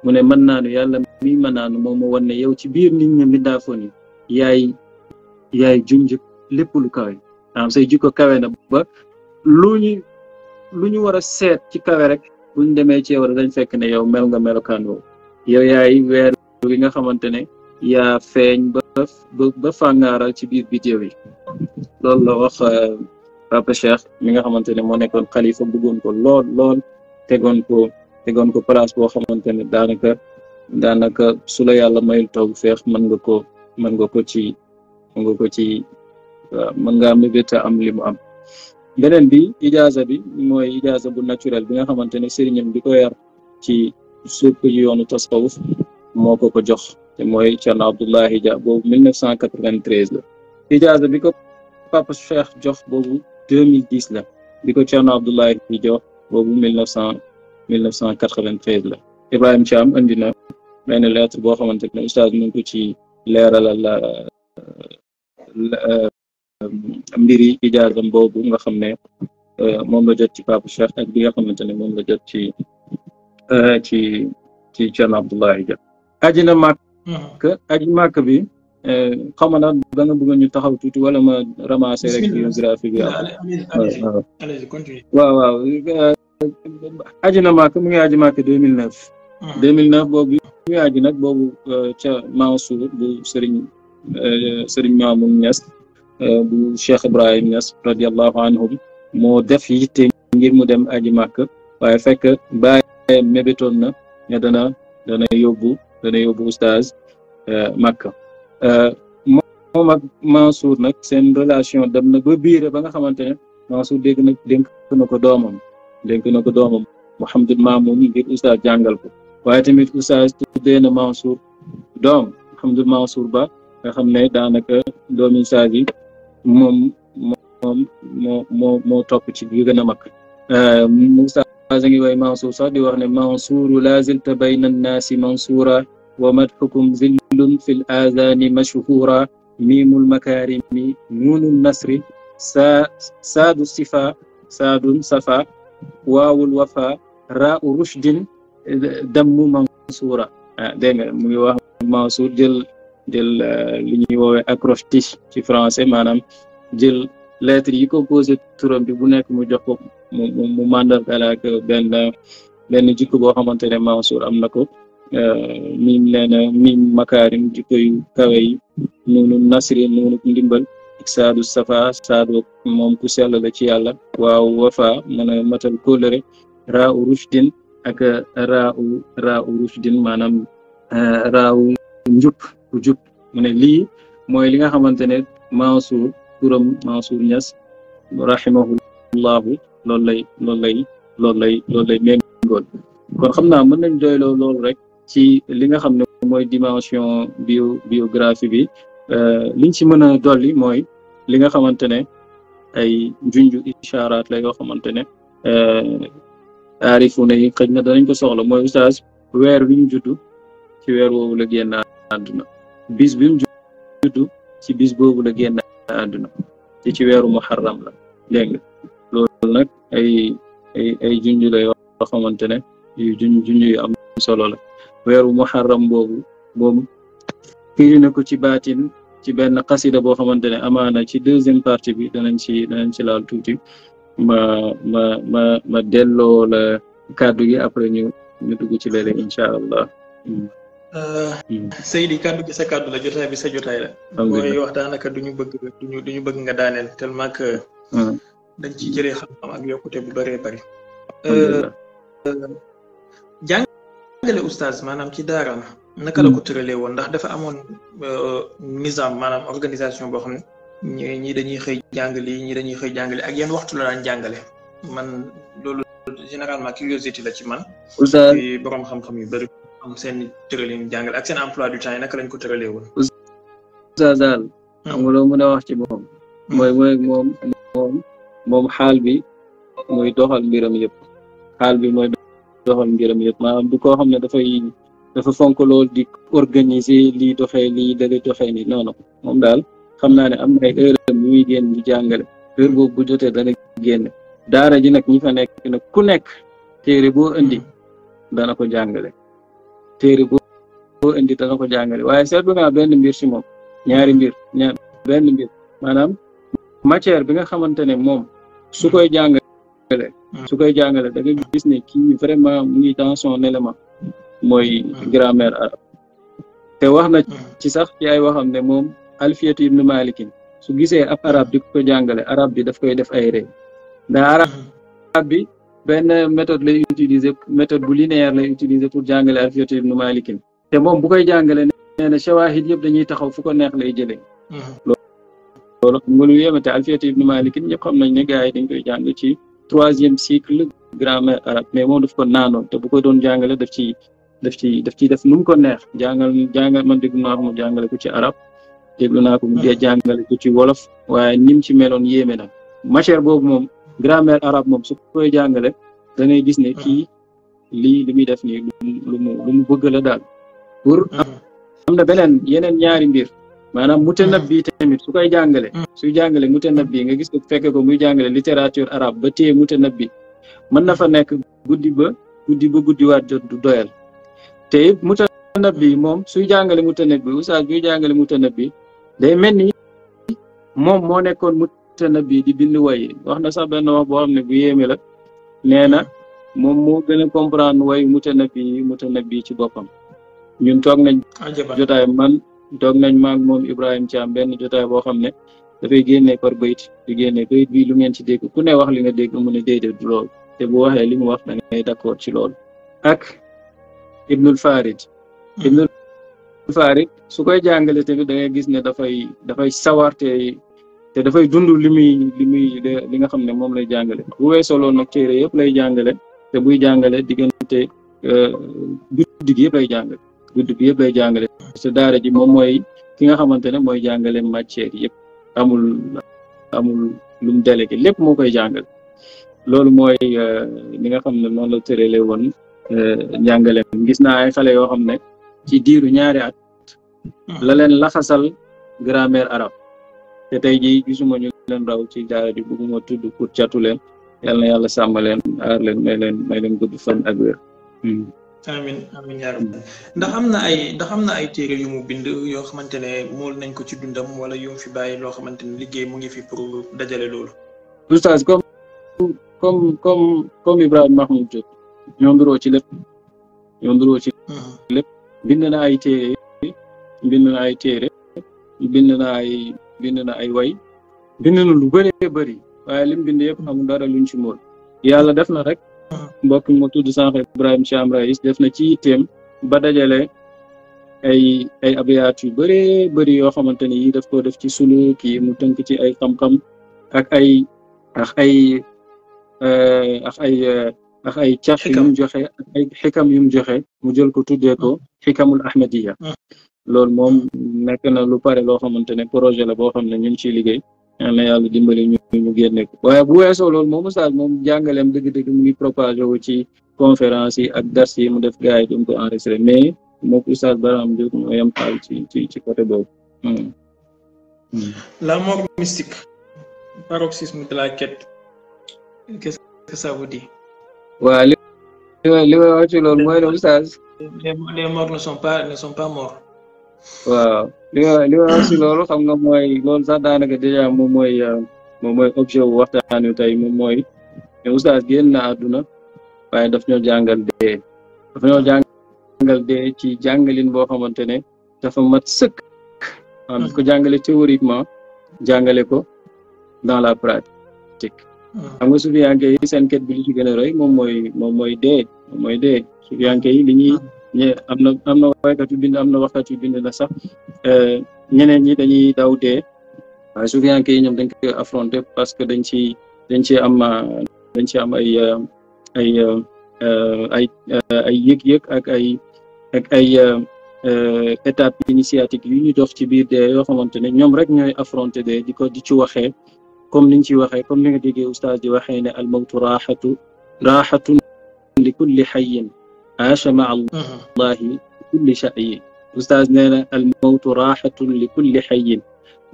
mu ne mën naanu yàlla mi mën naanu moo ma won ne yow ci biir nit ñi mindaafoon yi yaay yaay junj lépp lu kawe maanaam say jikko kawe na ba lu ñu lu ñu war a seet ci kawe rek buñ demee ci yow dañ fekk ne yow mel nga melokaan yow yaay weer wi nga xamantene ya feñ ba ba fangara ci biir bidéew yi loolu la wax euh, papa cheikh mi nga xamantene mo nekkon khalifa xalifa bëggoon ko lool lool tegon ko tegon ko place bo xamantene danaka danaka daanaka yalla mayul feex man nga ko man nga ko ci nga ko ci nga ngaa mébéta am limu am benen bi ijaza bi moy ijaza bu naturel bi nga xamantene serignam sëriñam ko yar ci suuf ci yoonu tasawuf moo ko ko jox te mooy Cerno Abdullahi Dia boobu 1993 la ijaaza bi ko papa Cheikh jox boobu 2010 la bi ko Cerno Abdullahi Dia jox boobu cent 1900 1993 la Ibrahima Thiam andi na benn lettre boo xamante ne ustaaz mu ngi ko ci leeralal euh, euh, mbiri ijaazam boobu nga xam ne euh, moom la jot ci papa Cheikh ak bi nga xamante ne moom la jot ci ci ci Cerno Abdoulaye Dia aji na màkk aji màkk bi xaw ma nag da nga bëgg ñu taxaw tuuti wala ma ramasser rek biographie bi waaw waaw aji na màkk mu ngi aji màkk deux mille neuf mu ngi aji nag boobu Mansour bu sëriñ sëriñ Mamoun Niass bu Cheikh Ibrahim Niass radiallahu anhum moo def yitte ngir mu dem aji màkk waaye fekk Eh, mébétoon na ne dana dana yóbbu dana yóbbu oustaz eh, Makka eh, moom ak Mansour nag seen relation dem na ba biire ba nga xamante ne Mansour dégg na dénk na ko doomam dénk na ko doomam Mouhamadul Mamoun ngir oustaz jàngal ko waaye tamit oustaz tuddee na Mansour doom Mouhamadul Mansour ba nga xam ne daanaka doomi oustaz yi moom moom moo moo moo topp ci yu gën a mag ngi way Mansour sax di wax ne Mansouru laa zilta bayna annaasi mansuura wa madxukum zillun fi l aadaani mashhuura miimul makaarimi nuunul nasri saa saadu sifa saadun safa waawul wafa raau rushdin dammu mansuura ah dégg nga mu ngi wax Mansour jël jël ah, li ci français maanaam jël bi bu mu jox mu mu mandargal ak benn benn jikko boo xamante ne Mansour am na ko euh, miim nee na miim makaarim jikko yu kawe yi nuunu nasri nuunu ndimbal saadu safa saadu moom ku sell ci yàlla waaw wafa mën a raa u rushdin ak raa u rushdin maanaam euh, raa u njub u jub mu ne lii mooy li nga xamante ne Mansour turam loolu lay loolu lay loolu lay loolu lay méngool kon xam naa mën nañ doyloo loolu rek ci li nga xam ne mooy dimension bio biographie bi euh, liñ ci mën a dolli mooy li nga xamante ne ay junju isharaat la yoo xamante ne euh, aarifu na yi xëj na danañ ko soxla mooy oustaz weer wi ñu juddu ci weer woowu la génn àdduna bis bi mu juddu ci bis boobu la génn àdduna te ci weeru muharram la dégg nag ay ay ay junj la yoo xamante ne yu junj junj yu am solo la weeru muharram boobu boobu firi na ko ci baatin ci benn xasida boo xamante ne amaana ci deuxième partie bi danañ ci danañ ci laal tuuti ma ma ma ma delloo la kàddu gi après ñu ñu ci léeg-léeg incha allah. Euh, hmm. Seydi kàddu gi sa kàddu la jotaay bi sa jotaay la. mooy wax daanaka duñu bëgg bëgg nga daaneel tellement que. Hmm. dañ ci jëlee xam-xam ak yokkute bu bëree bëri. Euh, jàngale oustaz maanaam ci daara naka la hmm. ko tëralee woon ndax dafa amoon euh, nizam maanaam organisation boo xam ne ñii dañuy xëy jàngale yi ñii dañuy xëy jàngale ak yan waxtu la daan jàngale man loolu généralement curiosité la ci man. oustaz borom xam-xam yu bëri am seen tëralin jàngale ak seen emploi du temps yi naka lañ ko tëralee woon. oustaz daal. am nga hmm. loo mën a wax ci moom. Hmm. mooy mooy moom moom xaal bi mooy doxal mbiram yëpp xaal bi mooy doxal mbiram yëpp koo xam ne dafay dafa fonk lool di organiser lii doxee lii dale doxee nii non non moom daal xam naa ne am na ay heure yu muy génn di jàngale heure boobu bu jotee dana génn daara ji nag ñi fa nekk nag ku nekk téere boo indi hmm. dana ko jàngale téere boo indi dana ko jàngale waaye seetlu naa benn mbir si moom ñaari mbir ñaar maanaam matière bi nga xamante ne moom su koy jàngale hmm. su koy jàngale da nga gis ne kii vraiment mu ngi dans son élément mooy hmm. grammaire te wax na hmm. ci sax ci ay waxam ne moom alfiyatu ibnu malikin su gisee ab arab di ko jàngale arab bi daf koy def ay rey ndax arab bi benn méthode lay utiliser méthode bu linéaire lay utiliser pour jàngale alfiyatu ibnu malikin te moom bu koy jàngale nee na shawahid yëpp dañuy taxaw fu ko neex lay jëlee loolu xam nga lu yéeme te Alfiyatu ibnu Malik ñëpp xam nañ koy jàng ci troisième cycle grammaire arabe mais moom daf ko naanoon te bu koy doon jàngale def ci daf ci daf ciy def nu mu ko neex jàngal jàngal man déglu naa ko mu jàngale ko ci arab déglu naa ko mu jàngale ko ci wolof waaye nim ci meloon yéeme na matière boobu moom grammaire arab moom su koy jàngale da ngay gis ne ah. kii lii li muy def ni lu mu mu bëgg la daal pour ah. am na beneen yeneen ñaari mbir manam mutanabbi mm. tamit su koy jàngale mm. suy jàngale mutanabbi nga gis fekke ko muy jàngale littérature arabe ba téye mutanabbi mën na fa nekk guddi ba guddi ba guddiwaat jot du doyal te it mutanabbi moom suy jàngale mutanabbi usa buy jàngale mutanabbi day mel ni moom moo nekkoon mutanabbi di bind way yi wax na sax benn wax boo xam ne bu yéeme la nee na moom moo gën a comprendre way mutanabbi yi mutanabbi ci boppam ñun toog nañ jotaay man toog nañ maag moom Ibrahima Thiam benn jotaay boo xam ne dafay génne par bayit di génnee bayit bi lu ngeen ci dégg ku ne wax li nga dégg mu ne déedéet du loolu te bu waxee li mu wax da ngay d'accord ci loolu ak Ibnul Farid hmm. Ibnul Farid su koy jàngale tamit da ngay gis ne dafay dafay sawarte te dafay dund li muy muy li nga xam ne moom lay jàngale bu weesoo loolu nag yëpp lay jàngale te buy jàngale diggante euh, guddi gi yëpp lay jàngale guddi bi yëpp lay jàngale parce que daara ji moom mooy ki nga xamante ne mooy jàngale matière yëpp amul amul lu mu délégué lépp moo koy jàngal loolu mooy li euh, nga xam ne noonu la tërale woon euh, njàngale gis naa ay xale yoo xam ne ci diiru ñaari at hmm. la leen laxasal grammaire arabe te tey jii gisuma ñu leen raw ci daara ji bugguma tudd pour catu leen yàlla na yàlla sàmm leen aar leen may leen may leen gudd ak amin amin yaa rabbi ndax am na ay ndax am na ay téere yu mu bind yoo xamante ne mool nañ ko ci dundam wala yu mu fi bàyyi loo xamante ne liggéey mu ngi fi pour dajale loolu. oustaz comme comme comme comme Ibrahima Mahmoud Diop ñoo nduroo ci lépp ñoo nduroo ci hmm. lépp bind na ay téere bind na ay téere bind na ay na ay way bind na lu bëree bëri waaye lim bind yëpp amul dara luñ ci mool yàlla def rek. mbokk mu tudd sànq Ibrahima Cham Rais def na ci item ba dajale ay ay abiyaat yu bëree bëri yoo xamante ni daf ko def ci suluuk yi mu tënk ci ay xam-xam ak ay ay eh, ay eh, ay cax yu joxe ak ay xikam yu mu joxe mu jël ko tuddee ko mm. xikamul ahmadiya mm. loolu moom nekk na lu pare loo xamante ne projet la boo xam ne ñu ngi ciy liggéey yalla yalla dimbali ñu ñu génne ko way bu wéso lool moom oustaz moom jangalem dëgg-dëgg mu ngi propager wu ci conférence yi ak dars yi mu def gaay dum ko enregistrer mais ko oustaz baram Diop ñoo yam xal ci ci ci côté bob hmm. hmm. la mort mystique paroxysme de la quête qu'est-ce que ça vous dit. wa li li wa ci lool moy lool oustaz. les morts ne sont pas ne sont pas morts. waaw li nga li si loolu xam nga mooy loolu sax daanaka dèjà moom mooy moom mooy objet bu waxtaan wi tey moom mooy ne oustaz génn na àdduna waaye daf ñoo jàngal dee daf ñoo jàngal dee ci jàngalin boo xamante ne dafa mat sëk waaw ko jàngale théoriquement jàngale ko dans la pratique xam nga sufiyanke yi seen ket bi li ci gën a rëy moom mooy moom mooy yi li ñuy ye am na am na waykat am na waxkat yu bind na sax euh, ñeneen ñi dañuy daw dee waaye sufiyanke yi ñoom dañ koy affronté parce que dañ ci dañ ci am dañ ci am ay ay euh, ay euh, ay yëg-yëg ak ay ak ay étape initiatique yu ñu dox ci biir dee yoo xamante ne ñoom rek ñooy affronté dee di ko di ci waxe comme niñ ci waxee comme ni nga déggee oustaz di waxee ne al mawtu raaxatu raaxatun li kulli xayin aasha ma allahi kulli shay'in oustaz nee na al mawtu raaxatun li kulli xayin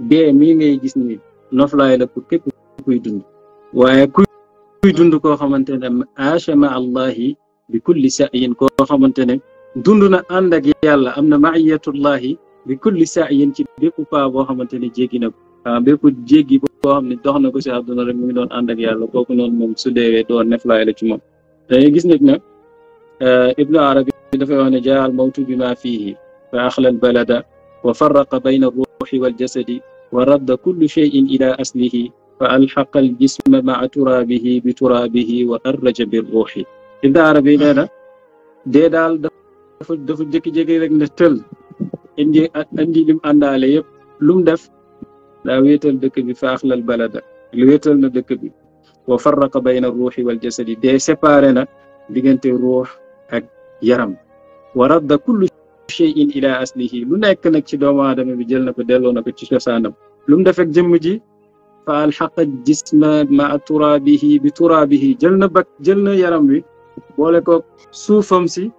dee mi ngay gis ni noflaay la pour képp kuy dund waaye kuy dund koo xamante ne aasha ma allahi bi kulli sa'yin koo xamante ne dund na ànd ak yàlla am na maiyatullahi bi kulli sa'yin ci bépp paa boo xamante ne jéggi na ko ah bépp jéggi boo xam ne dox na ko si àdduna rek mu ngi doon ànd ak yàlla kooku noonu moom su deewee doon neflaay la ci moom dañuy gis nag nag آه، ابن عربي دفع نجاة الموت بما فيه فأخلى البلد وفرق بين الروح والجسد ورد كل شيء إلى أصله فألحق الجسم مع ترابه بترابه وأرج بالروح ابن عربي لنا ديدال دال دفع دفع جك جك جك نتل عندي عندي لم أنا عليه لم دف لا ويتل دك بفاخل البلد لا ويتل ندك بي وفرق بين الروح والجسد دي سبارنا ديجنتي الروح ak yaram wa da kullu shay'in ila aslihi lu nekk nag ci doomu adama bi jël na ko delloo na ko ci cosaanam lu mu def ak jëmm ji fa alxaqa jisma ma turaabihi bi turaabihi jël na bak jël na yaram wi boole ko suufam si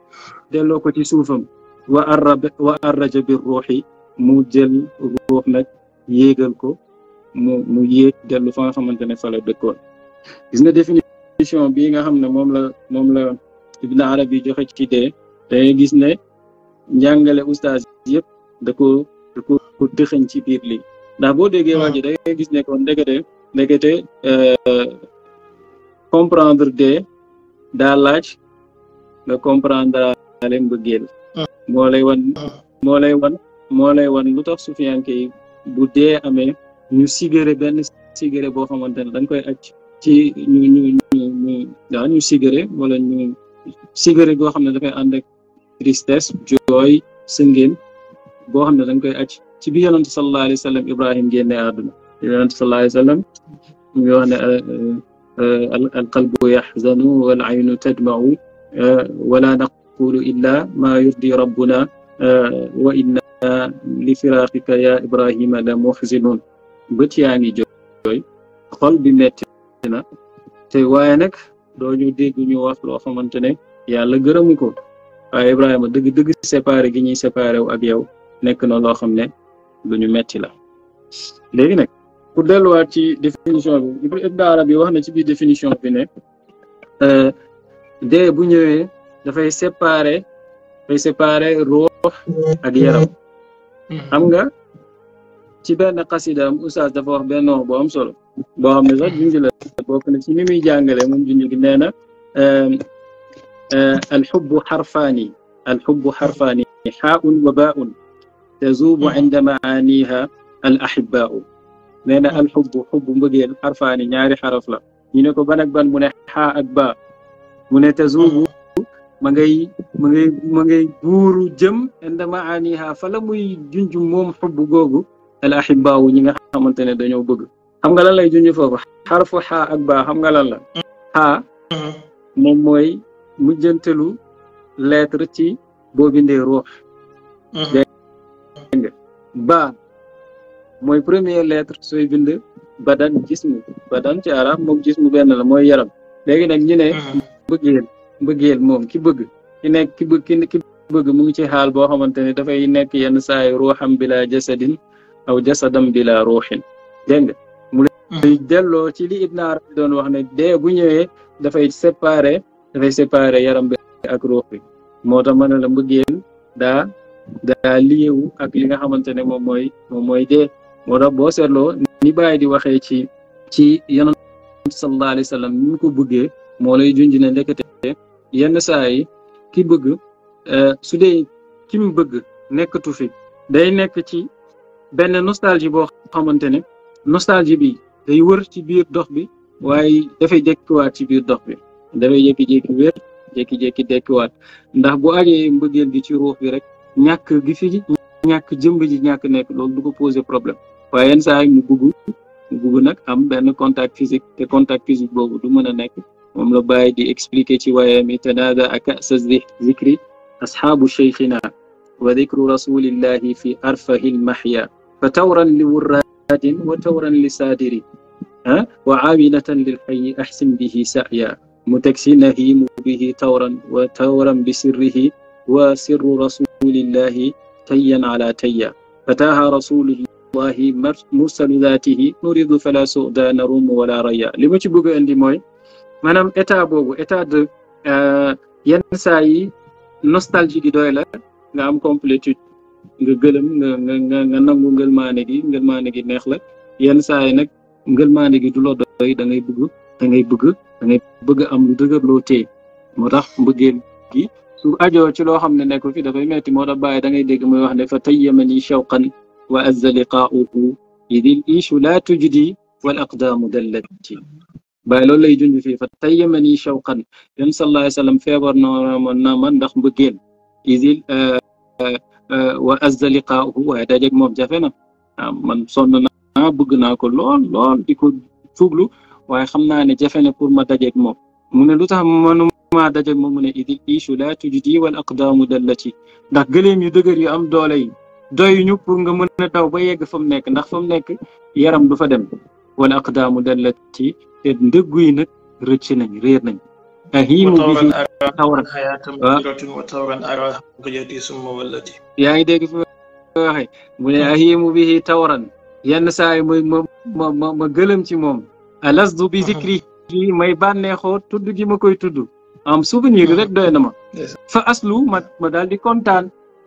delloo ko ci suufam wa arra wa arraja bi ruuxi mu jël ruux nag yéegal ko mu mu yéeg dellu fa nga xamante ne fa la dëkkoon gis nga définition bii nga xam ne moom la moom la Ibn Arabi joxe ci dee dangay gis ne njàngale oustaz yëpp da ko da ko dëxëñ ci biir lii ndax boo déggee wax ji da ngay gis ne kon ndegete ndegete comprendre de da laaj nga comprendre ale mbëggeel moo lay wan moo lay wan moo lay wan lu tax sufiyanke yi bu dee amee ñu sigéré benn sigéré boo xamante ne dañ koy aj ci ñu ñu ñu ñu daa ñu sigéré wala ñu sigare goo xam ne dafay ànd ak tristesse jooy sëngéen goo xam ne dañ koy acc ci bi yonent sallallahu alayhi wa sallam ibrahim génne àdduna yonent sallallahu alayhi wa sallam wax ne al qalbu yaxzanu wal aynu tadmau wala naqulu illa ma yurdi rabbuna wa inna li firaqika ya ibrahima la muxzinun bët yaa ngi jooy xol bi metti na te waaye doo ñu dégg ñu wax loo xamante ne yàlla gërëmu ko waaye Ibrahima dëgg dëgg séparé gi ñuy séparé wu ak yow nekk na loo xam ne lu ñu metti la léegi nag pour delluwaat ci définition bi Ibn Arabi wax na ci biir définition bi ne euh, dee bu ñëwee dafay séparé dafay séparé ruux ak yaram mm-hmm. xam nga ci benn xasidaam oustaz dafa wax benn wax boo am solo boo xam ne sax junj la bokk na ci li muy jàngale moom junj gi nee na ehm, eh, alxubbu xarfaani alxubbu xarfaani xaaun wa baaun tazuubu inda maaniha al axibaau nee na alxubbu xubbu mbëggeel xarfaani ñaari xaraf la ñu ne ko ban ban mu ne xaa ak baa mu ne tazuubu ma ngay ma ngay ma ngay buuru jëm inda maaniha fa muy moom xubbu googu al axibaawu ñi nga xamante ne dañoo bëgg xam nga lan lay junj foofu xarfu xaa ak baa xam nga lan la xaa mm-hmm. moom mooy mujjantelu lettre ci boo bindee ruux mm-hmm. ba nga baa mooy première lettre sooy bind badan jismu badan ci arab moom jismu benn la mooy yaram léegi nag ñu ne mm-hmm. mbëggeel moom ki bëgg ki nekk ki bëgg ki bëgg mu ngi ci xaal boo xamante ne dafay nekk yenn saay ruuxam bila jasadin aw jasadam bila ruuxin dégg nga Mm-hmm. delloo ci li Ibn Arabi doon wax ne dee bu ñëwee dafay séparer dafay séparer yaram bi ak ruux bi moo tax ma ne la mbëggeel daa daa liyewu ak li nga xamante ne moom mooy moom mooy dee moo tax boo seetloo ni bàyyi di waxee ci ci yonent sallallahu alayhi wa ko bëggee moo lay junj ne yenn saa yi ki bëgg e, su dee ki mu bëgg nekkatu fi day nekk ci benn nostalgie boo xamante ne nostalgie bi day wër ci biir dox bi waaye dafay jékkiwaat ci biir dox bi dafay jékki-jékki wér jékki-jékki dekkiwaat ndax bu ajee mbëggeel gi ci ruux bi rek ñàkk gi fi ñàkk jëmb ji ñàkk nekk loolu du ko poser problème waaye yenn saa mu bugg mu bugg nag am benn contact physique te contact physique boobu du mën a nekk moom la bàyyi di expliquer ci waayam yi tanaada ak sa zikri asxaabu cheikhina wa dikru rasulillahi fi arfahil mahya fa tawran li wurraa وتورا لسادري ها وعاونة للحي أحسن به سعيا نهيم به تورا وتورا بسره وسر رسول الله تيا على تيا فتاها رسول الله مرسل ذاته نريد فلا سؤدا نروم ولا ريا لما تبقى عندي موي manam état boobu état de yenn saa نوستالجي دي دويلة نعم la nga gëlëm nga nga nga nangu ngëlmaane gi ngëlmaane gi neex la yenn saa yi nag ngëlmaane gi du la doy da ngay bëgg da ngay bëgg da bëgg am lu dëgër loo téye moo tax mbëggeel gi su ajoo ci loo xam ne nekku fi dafay metti moo tax bàyyi da ngay dégg muy wax ne fa tayyamani shawqan wa azza liqaa'uhu idil iishu laa tujdi wal aqdaamu dallati bàyyi loolu lay junj fii fa ta shawqan yam sallallahu alayhi wa sallam feebar na na man ndax mbëggeel idil euh, Euh, wa azza liqaahu waaye dajeeg moom jafe na ah, man sonn naa bëgg naa ko lool lool di ko fuglu waaye xam naa ne jafe na pour ma dajeeg moom mu ne lu tax ma dajeeg moom mu ne idil iishu laa tujdi wal aqdaamu dallati ndax gëléem yu dëgër yu am doole yi doyuñu pour nga mën a daw ba yegg fa mu nekk ndax fa mu nekk yaram du fa dem wal aqdaamu dallati te ndëggu yi nag rëcc nañ réer nañ أهيم به ثورا وثورا أراها قجتي ثم yaa ngi dégg fi waxee mu ne ahimu hmm. bihi tawran yenn saa yi muy ma ma ma gëlëm ci moom alasdu bi hmm. zikri may bànneexoo tudd gi ma koy tudd am souvenir hmm. rek doy na ma fa aslu ma ma daal di kontaan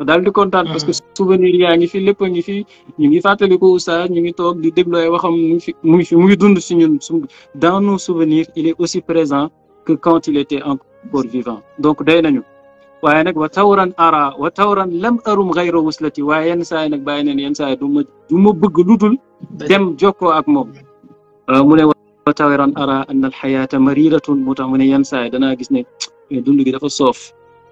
daal di kontaan parce que souvenir yaa ngi fi lépp a ngi fi ñu ngi fàttaliku oustaz ñu ngi toog di déglu ay waxam mu ngi mu dund si ñun dans nos souvenirs il est aussi présent que quand il était encore vivant donc doy nañu waaye nag wa tawran ara wa tawran lam arum xayra wuslati waaye yenn saay nag bàyyi neen yenn saay du ma du ma bëgg lu dul dem jokkoo ak moom mu ne wa tawran ara anna alxayaata mariratun moo tax mu ne yenn saay danaa gis ne dund gi dafa soof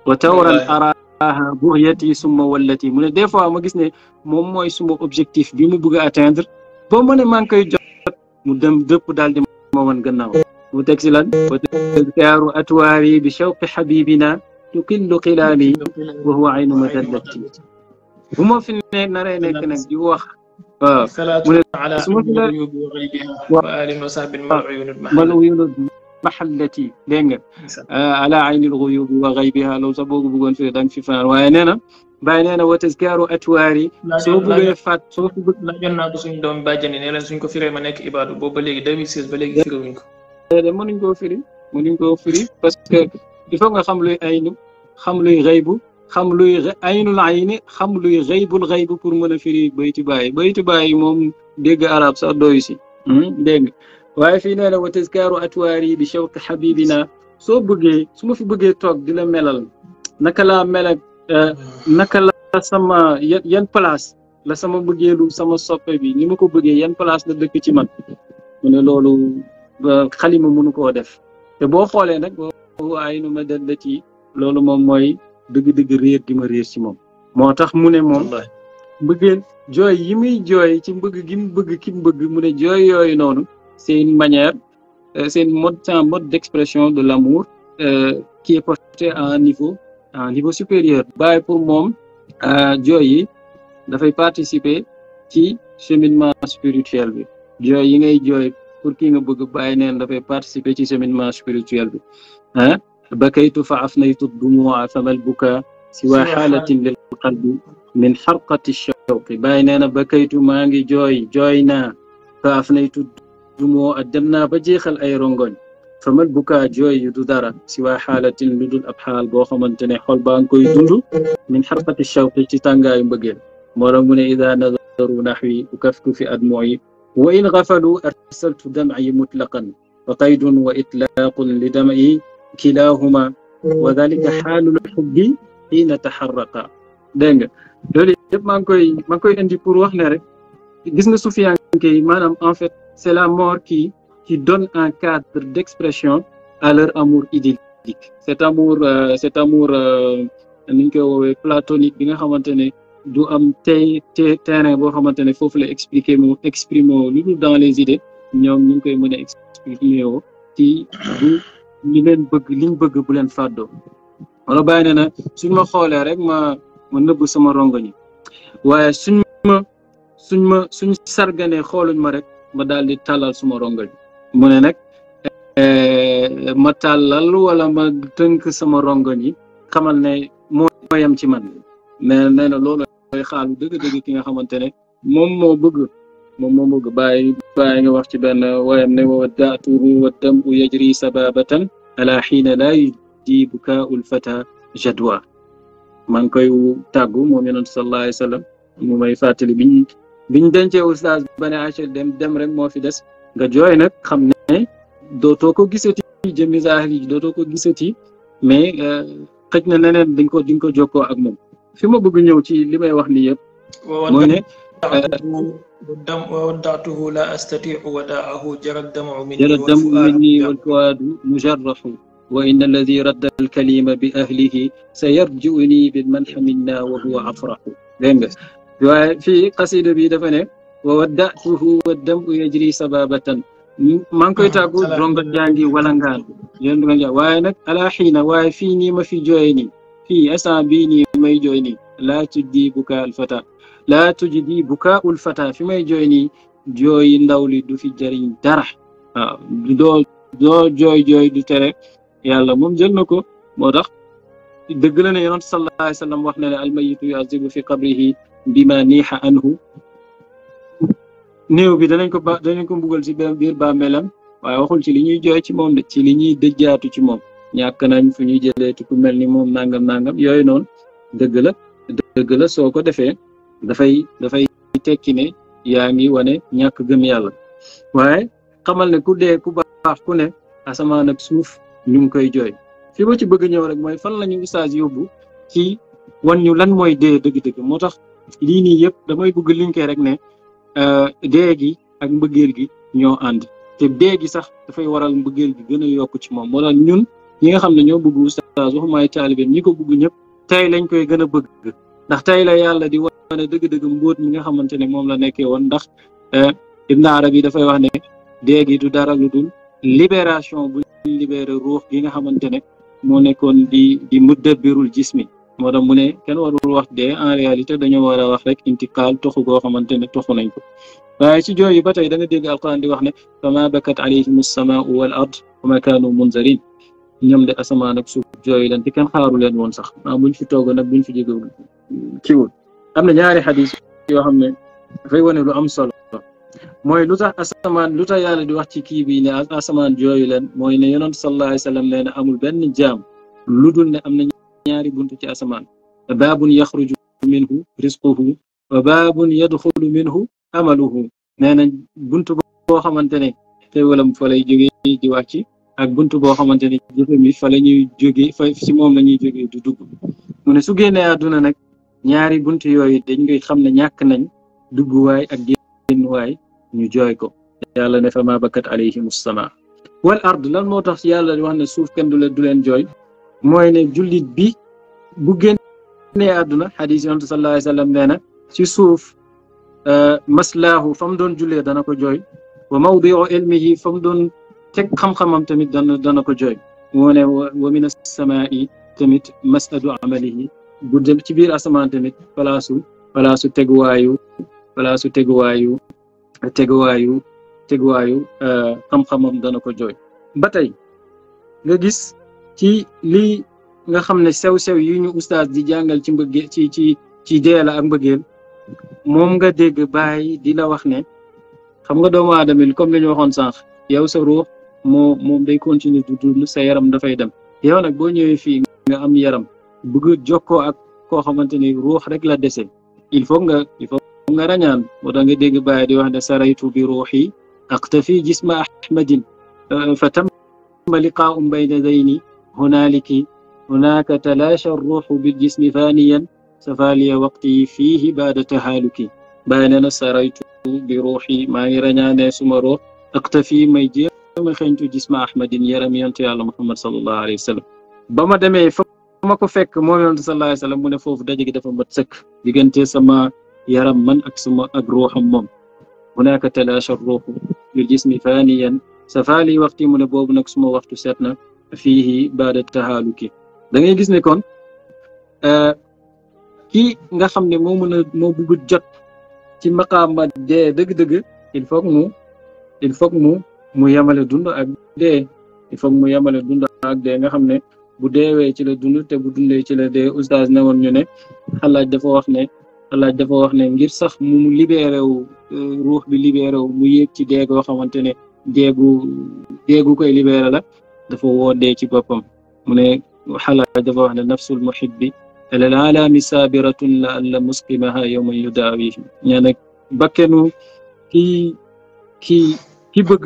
wa tawran ara aha buxyati summa wallati mu ne des fois ma gis ne moom mooy suma objectif bi mu bëgg a atteindre ba mu ne maa koy jot mu dem dëpp daal di ma gannaaw متكسلا وتذكار أتواري بشوق حبيبنا تكل قلالي وهو عين مذلتي هما في النهاية نرى نكنك دي وخ الصلاة على الغيوب وغيبها وآل وصحب والعيون محلتي آه على عين الغيوب وغيبها لو سبوك بقول في دان في فنار ويننا baynena wa taskaru atwari so bëggee fat so bëgg laajoon naa ko suñ doom bàjjani ne leen suñ ko firee ma 2016 ba léegi de euh, mënuñ koo firi mënuñ koo firi parce que il faut nga xam luy aynu xam luy xaybu xam luy aynul ayni xam luy xaybul xaybu pour mën a firi bayti bàyyi bayti bàyyi moom dégg arab sax doyu si hmm? dégg waaye fii nee na wa tazkaaru atwaar yi bi shawqi xabibina soo bëggee su ma fi bëggee toog di la melal naka laa mela ak euh, naka la sama yan palace la sama bëggeelu sama soppe bi ni ma ko bëggee yan palace la dëkk ci man mu ne loolu xalima munu koo def te boo xoolee nag ay nu ma dal ci loolu moom mooy dëgg-dëgg réer di ma réer ci moom moo tax mu ne moom mbëggeel jooy yi muy jooy ci mbëgg gi mu bëgg ki mu bëgg mu ne jooy yooyu noonu c'est une seen euh, c'est une mode c'est un mode d'expression de l'amour euh, qui est porté à un niveau supérieur bàyyi pour moom euh, jooy yi dafay participer ci cheminement spirituel bi jooy yi ngay jooy pour kii nga bëgg bàyyi neen dafay participer ci cheminement spirituel bi ah bakaytu fa afnaytu dumuwa famal buka siwa xaalatin lil qalbi min xarqati shawqi bàyyi nee na bakaytu maa ngi jooy jooy naa fa afnaytu dumuwa naa ba jeexal ay rongoñ buka jooy yu du dara siwa xaalatin lu dul ab xaal boo xamante ne xol baa ngi koy dund min xarqati shawqi ci tàngaayu mbëggeel moo la mu ne ida nadaru naxwi ukaftu fi admoi وإن غفلوا أرسلت دمعي مطلقا وقيد وإطلاق لدمعي كلاهما وذلك حال الحب حين تحرق دنج دولي يب مانكوي مانكوي اندي بور واخني ريك غيسنا سفيان كي مانام ان فيت سي لا مور كي كي دون ان كادر ديكسبريسيون ا لور امور ايديليك سيت امور سيت امور نينكو وي بلاتونيك بيغا du am tey terrain boo xamante ne foofu la expliqué moo exprimé woo lu dul dans les idées ñoom ñu koy mën a expliqué woo ci bu leen bëgg liñ bëgg bu leen fàddoo wala bàyyi na suñ ma xoolee rek ma ma nëbb sama rongo ñi waaye suñ ma suñ ma suñ sarganee xooluñ ma rek ma daal di tàllal suma rongo ñi mu ne nag eh, ma tàllal wala ma tënk sama rongo ñi xamal ne moo yem ci man mais nee na mooy xaalu dëgg-dëgg ki nga xamante ne moom moo bëgg moom moo bëgg bàyyi bàyyi nga wax ci benn wayam ne wa daaturu wa dam u yajri sababatan ala xiina laa yujibu kaa ul fata jadwa maa ngi koy tàggu moom yonent sallallahu alayhi wa sallam mu may fàttali biñ biñ dencee oustaz bane aca dem dem rek moo fi des nga jooy nag xam ne dootoo ko gisati jëmmi zaahir yi dootoo ko gisati mais euh, xëj na neneen di ko di nga ko jokkoo ak moom في ما بغي نيو تي لي ماي واخ ني ييب لا استطيع وداعه جرى الدمع مني جرى الدمع مني والفؤاد مجرح وان الذي رد الكليم باهله سيرجئني بالمنح منا وهو افرح في قصيدة بي دفنه وودعته والدمع يجري سبابة من كنت أقول درونغ جانغي ولا نغان يوندو جا واي على حين واي فيني ما في جويني fii instant bii nii may jooy nii laa tujdi buka alfata laa tujdi buka ulfata fi may jooy nii jooyi ndaw li du fi jariñ dara waaw doo doo jooy jooy du tere yàlla moom jël na ko moo tax dëgg la ne yonent sallallahu alayhi wa sallam wax na ne fi qabrihi bima niixa anhu néew bi danañ ko ba danañ ko mbugal si biir bàmmeelam waaye waxul ci li ñuy jooy ci moom de ci li ñuy dëjjaatu ci moom ñàkk nañ fu ñuy jëlee ci ku mel ni moom nangam nangam yooyu noonu dëgg la dëgg la soo ko defee dafay dafay tekki ne yaa ngi wane ñàkk gëm yàlla waaye xamal ne ku dee ku baax ku ne asamaan ak suuf ñu ngi koy jooy fi ma ci bëgg ñëw rek mooy fan la ñu ustaas yóbbu ci wan ñu lan mooy dee dëgg-dëgg moo tax lii nii yëpp damay bëgg liñ koy rek ne euh, dee gi ak mbëggeel gi ñoo ànd te dee gi sax dafay waral mbëggeel gi gën a yokk ci moom moo ñun ñi nga xam ne ñoo bëgg oustaz waxumaay taalibe ñi ko bëgg ñëpp tey lañ koy gën a bëgg ndax tey la yàlla di wane dëgg-dëgg mbóot mi nga xamante ne moom la nekkee woon ndax eh, Ibn Arabi dafay wax ne dee gi dara lu dul libération bu libéré ruux gi nga xamante ne moo nekkoon di di mudabbirul jismi moo tax mu ne kenn warul wax de en réalité dañoo war a wax rek intiqaal toxu goo xamante ne toxu nañ ko waaye ci jooy yi ba tey da nga di wax ne fama bakat alayhim alsamaau wal ard wa ma kaanu munzarin ñoom de asamaan ak suuf jooy leen di kenn xaaru leen woon sax ah buñ fi toogoon nag buñ fi jógewul kiwul am na ñaari xadis yoo xam ne dafay wane lu am solo mooy lu tax asamaan lu ta yàlla di wax ci kii bi ne asamaan jooy leen mooy ne yonent sallallahu alayhi wasallam nee na amul benn jaam lu dul ne am na ñaari buntu ci asamaan baabun yaxruju minhu risquhu wa baabun yadxulu minhu amaluhu nee na buntu boo xamante ne xéewalam fa lay jógee di ci ak bunt boo xamante ne jëfe mi fa la ñuy jóge fa si moom la ñuy jóge du dugg mu ne su génnee àdduna nag ñaari bunt yooyu dañ koy xam ne ñàkk nañ dugguwaay ak génnuwaay ñu jooy ko yàlla ne fa ma bakkat alayhim sama wal ard lan moo tax yàlla wax ne suuf kenn du leen du leen jooy mooy ne julit bi bu génnee àdduna xadis yonent sallallahu alayhi sallam nee na ci suuf euh, maslaahu fa mu doon jullee dana ko jooy teg xam-xamam tamit dana dana ko jooy moo ne wa min as-samaa'i tamit masadu amalihi bu dem ci biir asamaan tamit palaasu palaasu teguwaayu palaasu teguwaayu teguwaayu teguwaayu euh, xam-xamam dana ko jooy ba tey nga gis ci lii nga xam ne sew-sew yi ñu ustaas di jàngal ci mbëggeel ci ci ci ak mbëggeel moom nga dégg bàyyi di la wax ne xam nga doomu aadama comme li ñu waxoon sànq yow sa mo moom day continuer du dund sa yaram dafay dem yow nag boo ñëwee fii nga am yaram bëgg jokkoo ak koo xamante ni ruux rek la dese il faut nga il faut nga rañaan moo tax nga dégg bàyyi di wax ne fi bi ruuxi aqtafi jisma ahmadin euh, fa tamma liqaa'un bayna dayni hunaaliki hunaaka talaasha ruuxu bil jismi faaniyan safaaliya waqti fiihi baada tahaaluki bàyyi ne na saraytu bi ruuxi maa ngi rañaane suma ruux aqtafi may jéem ma xëñtu gis ma ahmadin yaram yontu yàlla muhammad sallallahu alayhi wasallam bama deme ma ko fekk moom yontu sallallahu alayhi wasallam sallam mu ne foofu daje gi dafa mat sëkk diggante sama yaram man ak suma ak ruham mom hunaka talaasha ruuxu lil jismi faniyan safali waqti mu ne boobu nag suma waxtu seet na fiihi baada da ngay gis ne kon euh ki nga xamne mo moo mo bëgg jot ci maqama de dëgg-dëgg il faut mu il faut mu mu yemale dund ak il faut mu yemale dund nga xam ne bu deewee ci la dund te bu la dee oustaz ne woon ñu ne xalaaj dafa wax ne xalaaj dafa wax ne ngir sax mu libéré wu euh, bi libéré mu yéeg ci dee goo xamante ne deegu deegu koy libéré la dafa woo dee ci boppam mu ne xalaaj dafa wax ne nafsul muhibbi alal alami saabiratun la alla muskimaha yowman yudaawi ñaa nag bakkenu kii ki bëgg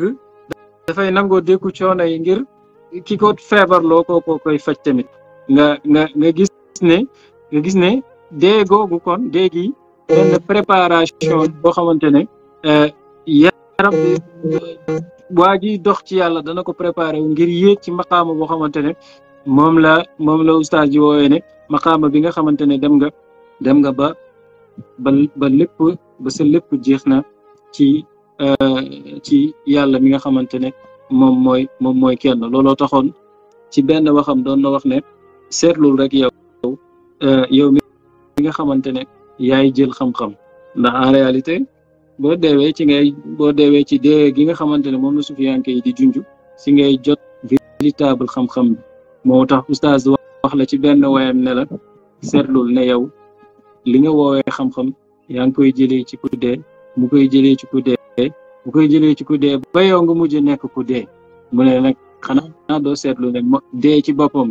dafay nangoo dékku coono yi ngir ki ko feebarloo kookoo koy faj tamit nga nga nga gis ne nga gis ne dee googu kon dee gi benn préparation boo xamante ne eh, yaram bi dox ci yàlla dana ko préparé ngir yéeg ci maqaama boo xamante ne moom la moom la ustaas ji woowee ne maqaama bi nga xamante ne dem nga dem nga ba ba ba lépp ba sa lépp jeex na ci Euh, ci yàlla mi nga xamante ne moom mooy moom mooy kenn looloo taxoon ci benn waxam don na wax ne seetlul rek yow euh, yow mi nga xamante ne yaay jël xam-xam ndax en réalité boo deewee ci ngay boo deewee ci dee gi nga xamante ne moom la sufiyanke yi di junj si ngay jot véritable xam-xam bi moo tax oustaz wax la ci benn wayam ne la seetlul ne yow li nga woowee xam-xam yaa ngi koy jëlee ci ku mu koy jëlee ci ku bu koy jëlee ci ku dee ba yow nga mujj nekk ku dee mu ne nag xanaa doo seetlu ne dee ci boppam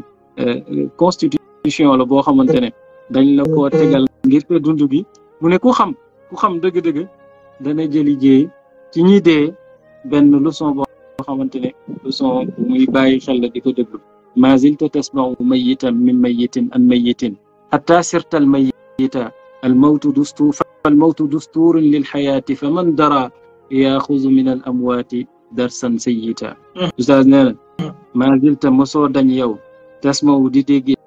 constitution la boo xamante ne dañ la ko tegal ngir te dund bi mu ne ku xam ku xam dëgg-dëgg dana jëli jéey ci ñi dee benn leçon boo xamante ne leçon muy bàyyi xel la di ko déglu ma zilta tasmau mayitan min mayitin an mayitin hatta sirta al mayita al mawtu dustu fa al mawtu dusturun lil xayaati fa dara yaaxuzu min al amwaati darsan sayyita ustaas nee na maa zilta mosoo dañ yow tasmawu di déggee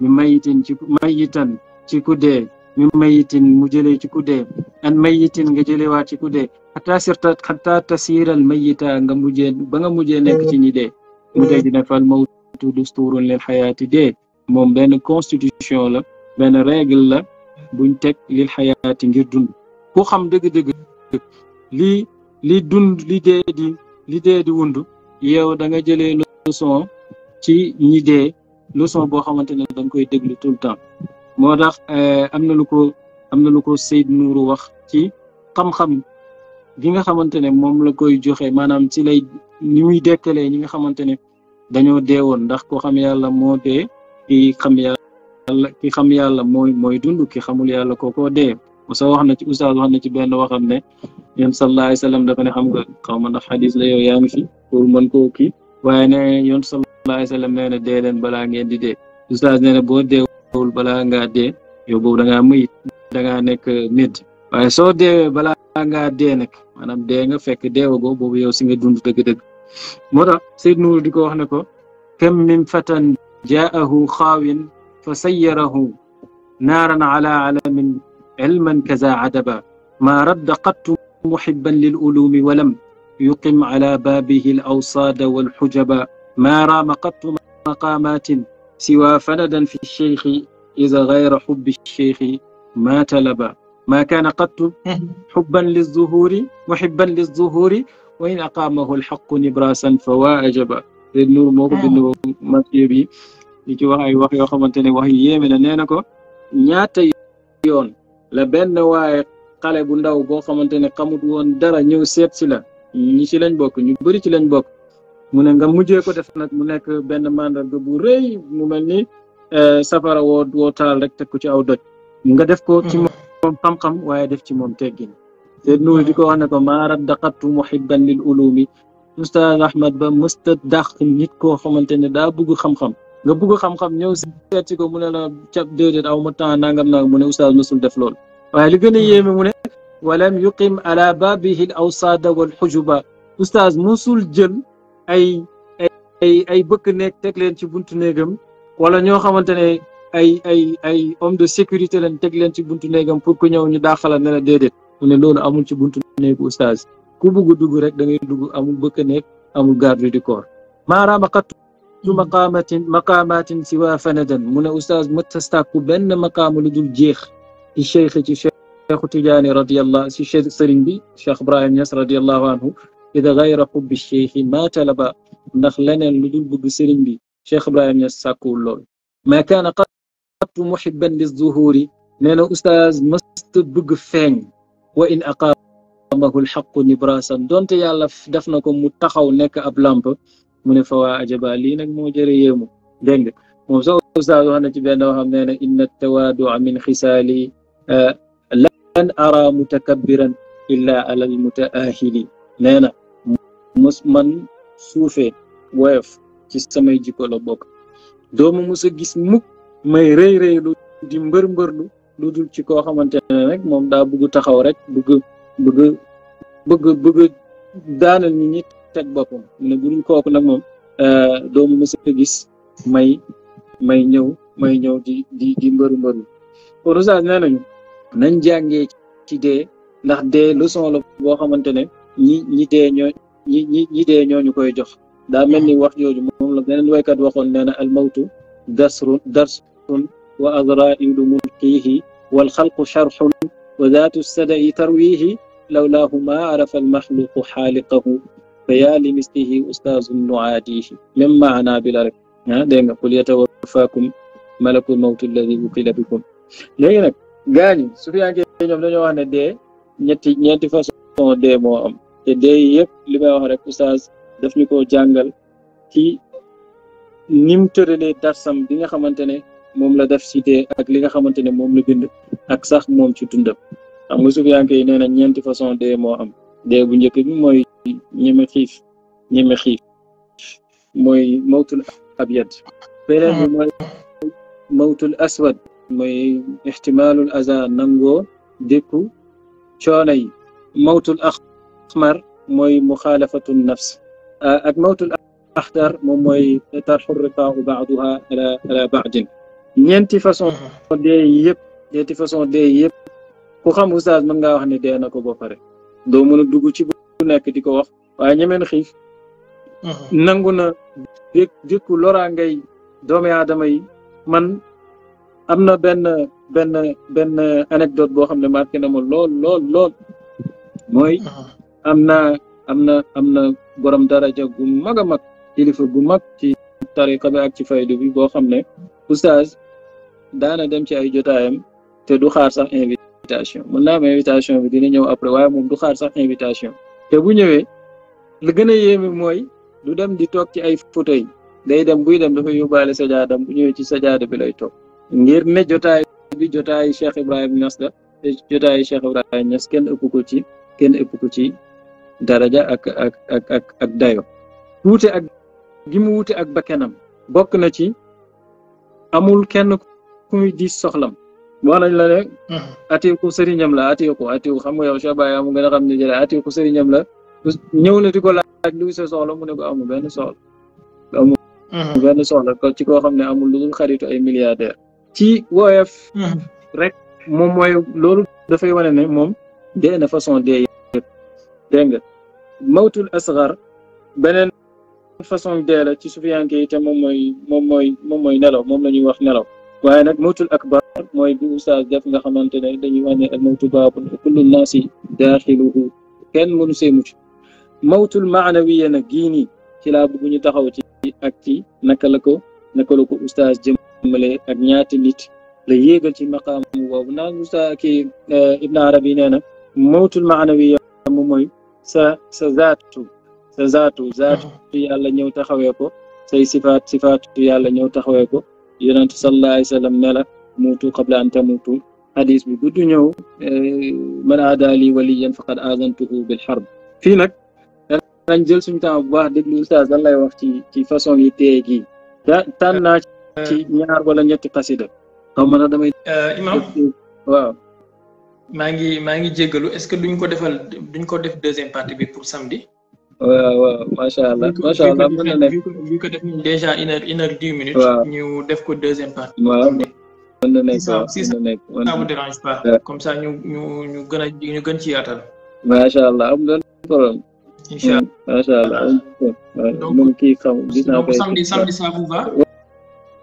mi mayitin ci mayitan ci ku mi mayitin mu jëlee ci ku dee an mayitin nga jëlewaat ci ku dee xataa sirta xataa tasiiral mayita nga mujjee ba nga mujjee nekk ci ñi mu tey dina fal mawtu dusturun lil xayaati dee moom benn constitution la benn règle la buñ teg lil xayaati ngir dund ku xam dëgg-dëgg li li dund li dee di li dee di wund yow da nga jëlee leçon ci ñi dee leçon boo xamante ne da koy déglu tout le temps moo tax euh, am na lu ko am na lu ko Seyd nuru wax ci xam-xam gi nga xamante ne moom la koy joxe maanaam ci lay ni muy dekkalee ñi nga xamante ne dañoo woon ndax ko xam yàlla moo dee ki xam yàlla ki xam yàlla mooy mooy dund ki xamul yàlla kookoo dee sa wax na ci oustaz wax na ci benn waxam ne yéen sallallahu alayhi wa sallam dafa ne xam nga xaw ma ndax xadis la yow fi pour mën koo kii ne yoon sallallahu alayhi wa sallam nee na dee leen balaa ngeen di dee ustaas nee na boo deewul balaa ngaa dee yow boobu da ngaa mëyit da ngaa nekk nit waaye soo deewee balaa ngaa dee nag maanaam dee nga fekk deewagoo boobu yow si nga dund dëgg-dëgg moo tax Seyd Nuur di ko wax ne ko kam min fatan jaahu xaawin fa sayyarahu naaran ala alamin ilman kaza adaba ma radda qattu محبا للألوم ولم يقم على بابه الأوصاد والحجب ما رام قط مقامات سوى فندا في الشيخ إذا غير حب الشيخ ما تلبا ما كان قط حبا للظهور محبا للظهور وإن أقامه الحق نبراسا فوا أجبا للنور موكو بالنور ماتيبي li وحي وحي وحي وحي yoo xamante ne wax yi yéeme na xale bu ndaw boo xamante ne xamut woon dara ñëw seet si la ñi ci lañ bokk ñu bëri ci lañ bok mu ne nga mujjee ko def nag mu nekk benn mandarga bu rëy mu mel ni eh, safara woo woo taal rek teg ko ci aw doj nga def ko ci mm-hmm. moom xam-xam waaye def ci moom teggin te nuur di ko wax ne ko maa raddaqatu muhibban lil ulumi oustaz ahmad ba mësta dàq nit koo xamante ne daa bugg xam-xam nga bugg xam-xam ñëw seet si ko mu ne la cab déedéet aw ma temps nangam na mu ne oustaz mësul def loolu waaye li ولم يقم على بابه الأوصاد والحجبة أستاذ موسول جل أي أي أي بك نيك تكلين تي بنت نيغم ولا نيو خامتاني أي أي أي أم دو سيكوريتي لن تكلين تي بنت نيغم بوك نيو ني داخل نلا ديدت من لول أمون تي بنت نيغ أستاذ كو بوغو دوغو رك داغي دوغو أمون بك نيك أمون غاردو دي كور ما رامقت مقامات مقامات سوى فندا من أستاذ متستاكو بن مقام لدول جيخ الشيخ تي cheikhu tijaani radiallah si cheikh sëriñ bi cheikh ibrahim Niass radiallahu anhu ida gayra xubbi cheikhi ma talaba ndax leneen lu dul bëgg sëriñ bi cheikh ibrahim Niass sàkkuwul lool ma kaana qattu muhibban li zuhuri nee na ustaaz mësta bëgg feeñ wa in aqaamahu lxaqu nibrasan donte yàlla def na ko mu taxaw nekk ab lamp mu ne fa waa ajaba lii nag moo jëre yéemu dégg nga moom sax ustaaz wax na ci benn waxam nee na inna tawaadua min xisaali an ara mutakabbiran illa ala mutaahili Nana musman mos man suufee woyof ci samay jiko la bok. doomu gis muk may reey reey lu di mbeur mbeur lu lu dul ci ko xamantene nak mom moom daa bëgg taxaw rek bëgg bëgg bëgg bëgg daanal nit ñi teg boppam mu ne eh, doomu musa gis may may ñew may ñew di di di mbeur mbeur ko nañ jàngee ci dee ndax de leçon la boo xamante ne ñi ñi dee ñoo ñi ñi ñi dee ñoo ñu koy jox daa mel ni wax jooju moom la beneen waykat waxoon nee na al mawtu dasrun darsun wa azrailu mulqiihi wal xalqu charxun wa zaatu sadai tarwiihi lawlaahu maa arafa almaxluqu xaaliqahu fa yaa li mislihi ustaazun nuaadiihi même maanaa bi la rek ah dégg nga qul yatawafaakum malakul mawtu alladi wukila bikum léegi nag gaañu su fiyankee ñoom dañoo wax ne dee ñetti ñeenti façon dee moo am te dee yëpp li may wax rek oustaz daf ñu ko jàngal ci nim tëralee darsam bi nga xamante ne moom la def si dee ak li nga xamante ne moom la bind ak sax moom ci dundam xam nga sufiyanke yi nee na ñeenti façon dee moo am dee bu njëkk bi mooy ñeme xiif ñeme xiif mooy mawtul abyad beneen bi mooy mawtul aswad mooy ixtimaalul aza nangoo dékku coono yi mawtul axmar mooy muxaalafatu nafs ak mawtul axdar moom mooy tarxu riqaau baaduha ala ala baadin ñeenti façon dee yëpp ñeenti façon dee yëpp ku xam oustaz mën ngaa wax ne dee na ko ba pare doo mën a dugg ci bu nekk di ko wax waaye ñemeen xiif nangu na dékku ngay doomi aadama man am na benn benn benn anecdote boo xam ne marqué na ma lool lool lool mooy ah. am na am na am na borom daraja gu mag a mag kilifa gu mag ci tariqa bi ak ci faydu bi boo xam ne oustaz daana dem ci ay jotaayam te du xaar sax invitation mën na am invitation bi dina ñëw après waaye moom du xaar sax invitation te bu ñëwee li gën a yéeme mooy du dem di toog ci ay fauteuil day dem buy dem dafay yóbbaale sajaadam bu ñëwee ci sajaada bi lay toog ngir ne jotaay bi jotaay Cheikh Ibrahim Niass la te jotaay Cheikh Ibrahim Niass kenn ëpp ko ci kenn ëpp ko ci daraja ak ak ak ak ak dayo wuute ak gi mu wuute ak bakkenam bokk na ci amul kenn ku muy diis soxlam wax nañ la ne mm-hmm. atiw ko sëriñam la atiw ko atiw xam nga yow Cheikh Baye mu gën a xam ne jële atiw ko sëriñam la ñëw na di ko laaj luy sa soxla mu ne ko amul benn soxla mm-hmm. amul benn soxla ko ci koo xam ne amul lu dul xaritu ay milliardaire ci woyof rek moom mooy loolu dafay wane ne moom dee na façon dee yëpp nga mawtul asgar beneen façon dee la ci sufiyanke yi te moom mooy moom mooy moom mooy nelaw moom la wax nelaw waaye nag mawtul akbar mooy bi oustaz def nga xamante dañuy wax ne al mawtu kullu naasi daaxiluhu kenn mënu see mucc mawtul maanawiya nag gii ci laa bëgg ñu taxaw ci ak ci naka la ko jëm أبنياتلت ليجل في مقام ونا موسى كي ابن عربي نانا موت المعنوية ممي سزاتو سزاتو زاتو يالا نيو تخويكو سي صفات صفات يالا نيو تخويكو يونت صلى الله عليه وسلم نلا موتو قبل أن تموتوا حديث بجد نيو من عادى لي وليا فقد آذنته بالحرب في نك dañ jël suñu temps bu baax déglu oustaz lan lay wax ci ci façon yi ci ñaar wala ñetti xasida xaw ma na damay. Euh, Imaam waaw. maa ngi maa ngi jéggalu est-ce que duñ ko defal duñ ko def deuxième partie bi pour samedi. waaw waaw macha allah macha allah mën na nekk bu ko def déjà une heure une heure dix ñu def ko deuxième partie. waaw mën na nekk waaw si ça vous ñu ñu gën a ñu gën ci yaatal. macha allah am na problème.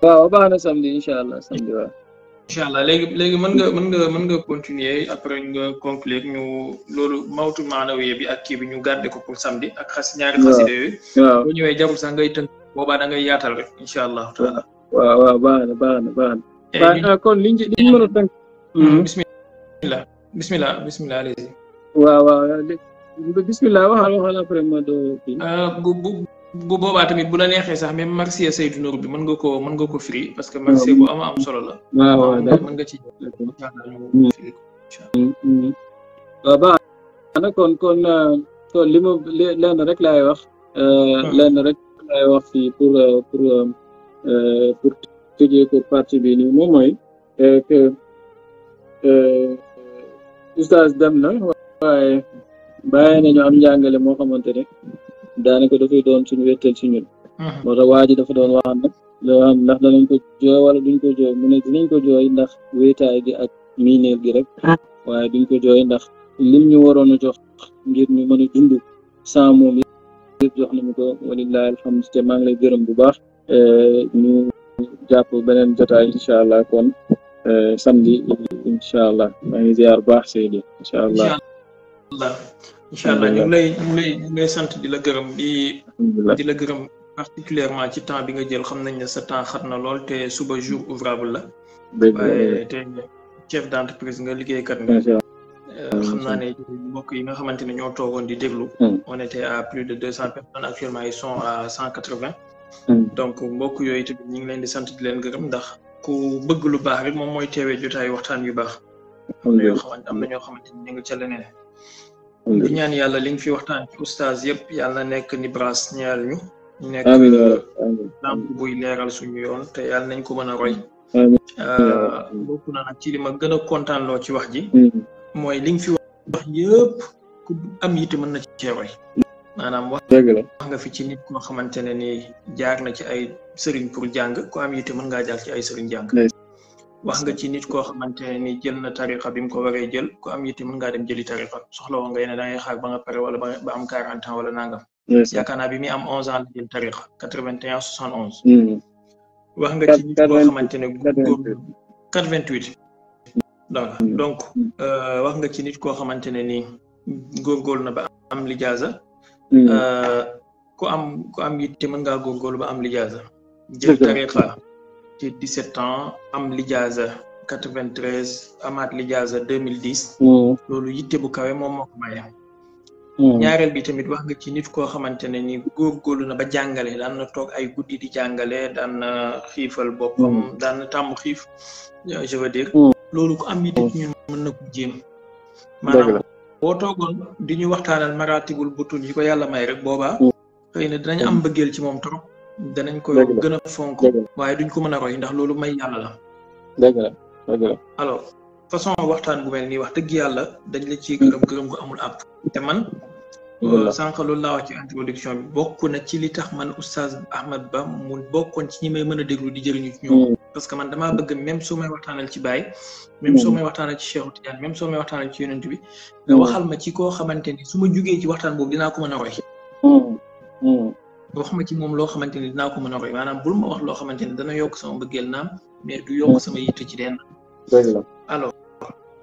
waaw baax na samedi incha allah samedi waaw. léegi man nga mën nga mën nga continuer après nga conclure ñu loolu mawtu maanawiye bi ak kii bi ñu garder ko pour samedi ak xas ñaari xasida yooyu waaw sax ngay tënk boobaa da ngay yaatal rek incha allahu taala waaw waaw baax na baax eh, na kon liñ ci liñ mën a tënk hmm, hmm. bismillah bismillah bismillah allez waaw waaw bismillah waxal waxal après ma doo kii euh, bu boobaa tamit bu la neexee sax même marsiya saytu nur bi mën nga ko mën nga ko firi parce que marsiya bu ama am solo la waaw mën nga ci mm, mm, mm. waaw baax na kon euh, kon li ma lenn rek laay wax euh, hmm. lenn rek laay wax fii pour euh, pour pour tëjee ko partie bi nii moom mooy que oustaz dem na waaye bàyyi nañu am njàngale moo xamante ne daanaka dafay doon suñu wéttal ci ñun mhm. moo tax waa ji dafa doon wax nag loo ndax ko jooy wala duñ ko jooy mu ne dinañ ko jooy ndax wéetaay gi ak miineel gi rek ah. waaye duñ ko jooy ndax lim ñu waroon jox ngir ñu mën a dund sans moom yëpp jox nañu ko walillahi alhamdu te maa ngi lay gërëm bu baax eh, ñu jàpp beneen jotaay incha allah kon eh, samedi incha allah maa ngi ziar baax Seydi incha allah incha allah ñu ngi lay ñu lay sant di la gërëm di di la gërëm particulièrement ci temps bi nga jël xam nañ ne sa temps xat na lool te suba jour ouvrable la waaye te chef d' entreprise nga liggéeykat nga euh, xam naa ne mbokk yi nga xamante ne ñoo toogoon di déglu hmm. on était à plus de deux cent personnes actuellement ils son à cent quatre vingt hmm. donc mbokk yooyu tamit ñu ngi leen di sant di leen gërëm ndax ku bëgg lu baax rek moom mooy teewee jotaayu waxtaan yu baax am na ñoo xamante ne ñu ngi ca leneen di ñaan yàlla li nga fi waxtaan oustaz yëpp yàlla nekk ni brasse ñaal ñu. nekk lamp buy leeral suñu yoon te yàlla nañ ko mën a roy. Ah, bokk na nag ci li ma gën a kontaan loo ci wax ji. Hmm. mooy li nga fi wax yëpp ku am yitte mën na ci roy. maanaam wax nga fi ci nit koo xamante ne ni jaar na ci ay sëriñ pour jàng ko am yitte mën ngaa jaar ci ay sëriñ jàng. wax nga ci nit koo xamante ni jël na tariqa bi mu ko waree jël ko am yitte mën ngaa dem jëli tariqa soxla woon nga yéene da ngay xaar ba nga pare wala ba am quarante ans wala nangam. yaakaar naa bi mi am onze ans la jël quatre vingt et soixante onze. Mm. wax nga ci nit koo xamante ne quatre vingt mm. donc euh, wax nga ci nit koo xamante ne nii góorgóorlu na ba am lijaasa mm. euh, ku am ku am yitte mën ngaa góorgóorlu ba am lijaasa jël tariqa 17 ans am 93 Amad lijaasa 2010. loolu yitte bu kawé moom 2010 hmm. bi tamit wax nga ci nit koo xamante ni góorgóorlu na ba jàngale daan na ay di jàngale daan na xiifal boppam hmm. daan na euh, je veux dire. Hmm. loolu ko am yitte ñun mën na ko ko danañ ko gën a fonk waaye duñ ko mën a roy ndax loolu may yàlla la dëgg la dëgg la alors façon waxtaan bu mel nii wax dëgg yàlla dañ la ciy hmm. gërëm gërëm amul àpp te man euh, sànq loolu laa wax ci introduction bi bokk na ci li tax man oustaz Ahmad Ba mu bokkoon ci ñi may mën a déglu di jëriñu ci ñoom hmm. parce que man damaa bëgg même soo may waxtaanal ci baay même soo hmm. may waxtaanal ci Cheikh même soo may waxtaanal ci yonent bi nga waxal ma ci koo xamante ni su ma jugee ci waxtaan boobu dinaa ko mën a roy waxuma ci moom loo xamanteni ni dinaa ko mën a roy maanaam bul ma wax loo xamanteni dana yokk sama mbëggeel naam mais du yokk sama yitte ci den alors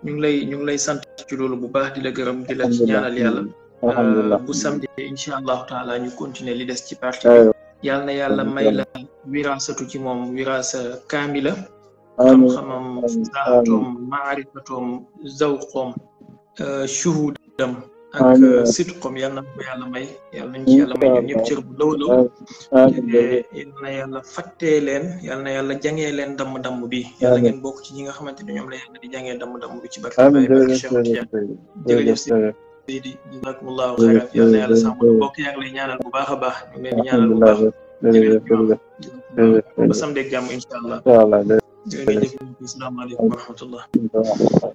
ñu ngi lay ñu ngi lay sant ci loolu bu baax di la gërëm di la ci ñaanal yàlla bu samedi incha allahu taala ñu continuer li des ci parti bi yàlla na yàlla may la wirasatu ci moom wirasa kaamila xam-xamam saatoom maarifatoom zawqoom shuhudam ak euh, surtout comme yàlla na ko yàlla may yàlla nañ ci yàlla may ñun ñëpp cër fate lawlaw yal yàlla fàttee leen yal na yàlla leen damm-damm bi yàlla ngeen bokk ci ñi nga xamante ne ñoom la yàlla di ci barke Baye barke Cheikh Tidiane jërëjëf si Seydi jazakumullahu xayran yal na bu baax a baax ñu ngi leen di ñaanal bu baax jërëjëf ba samedi ak jàmm incha allah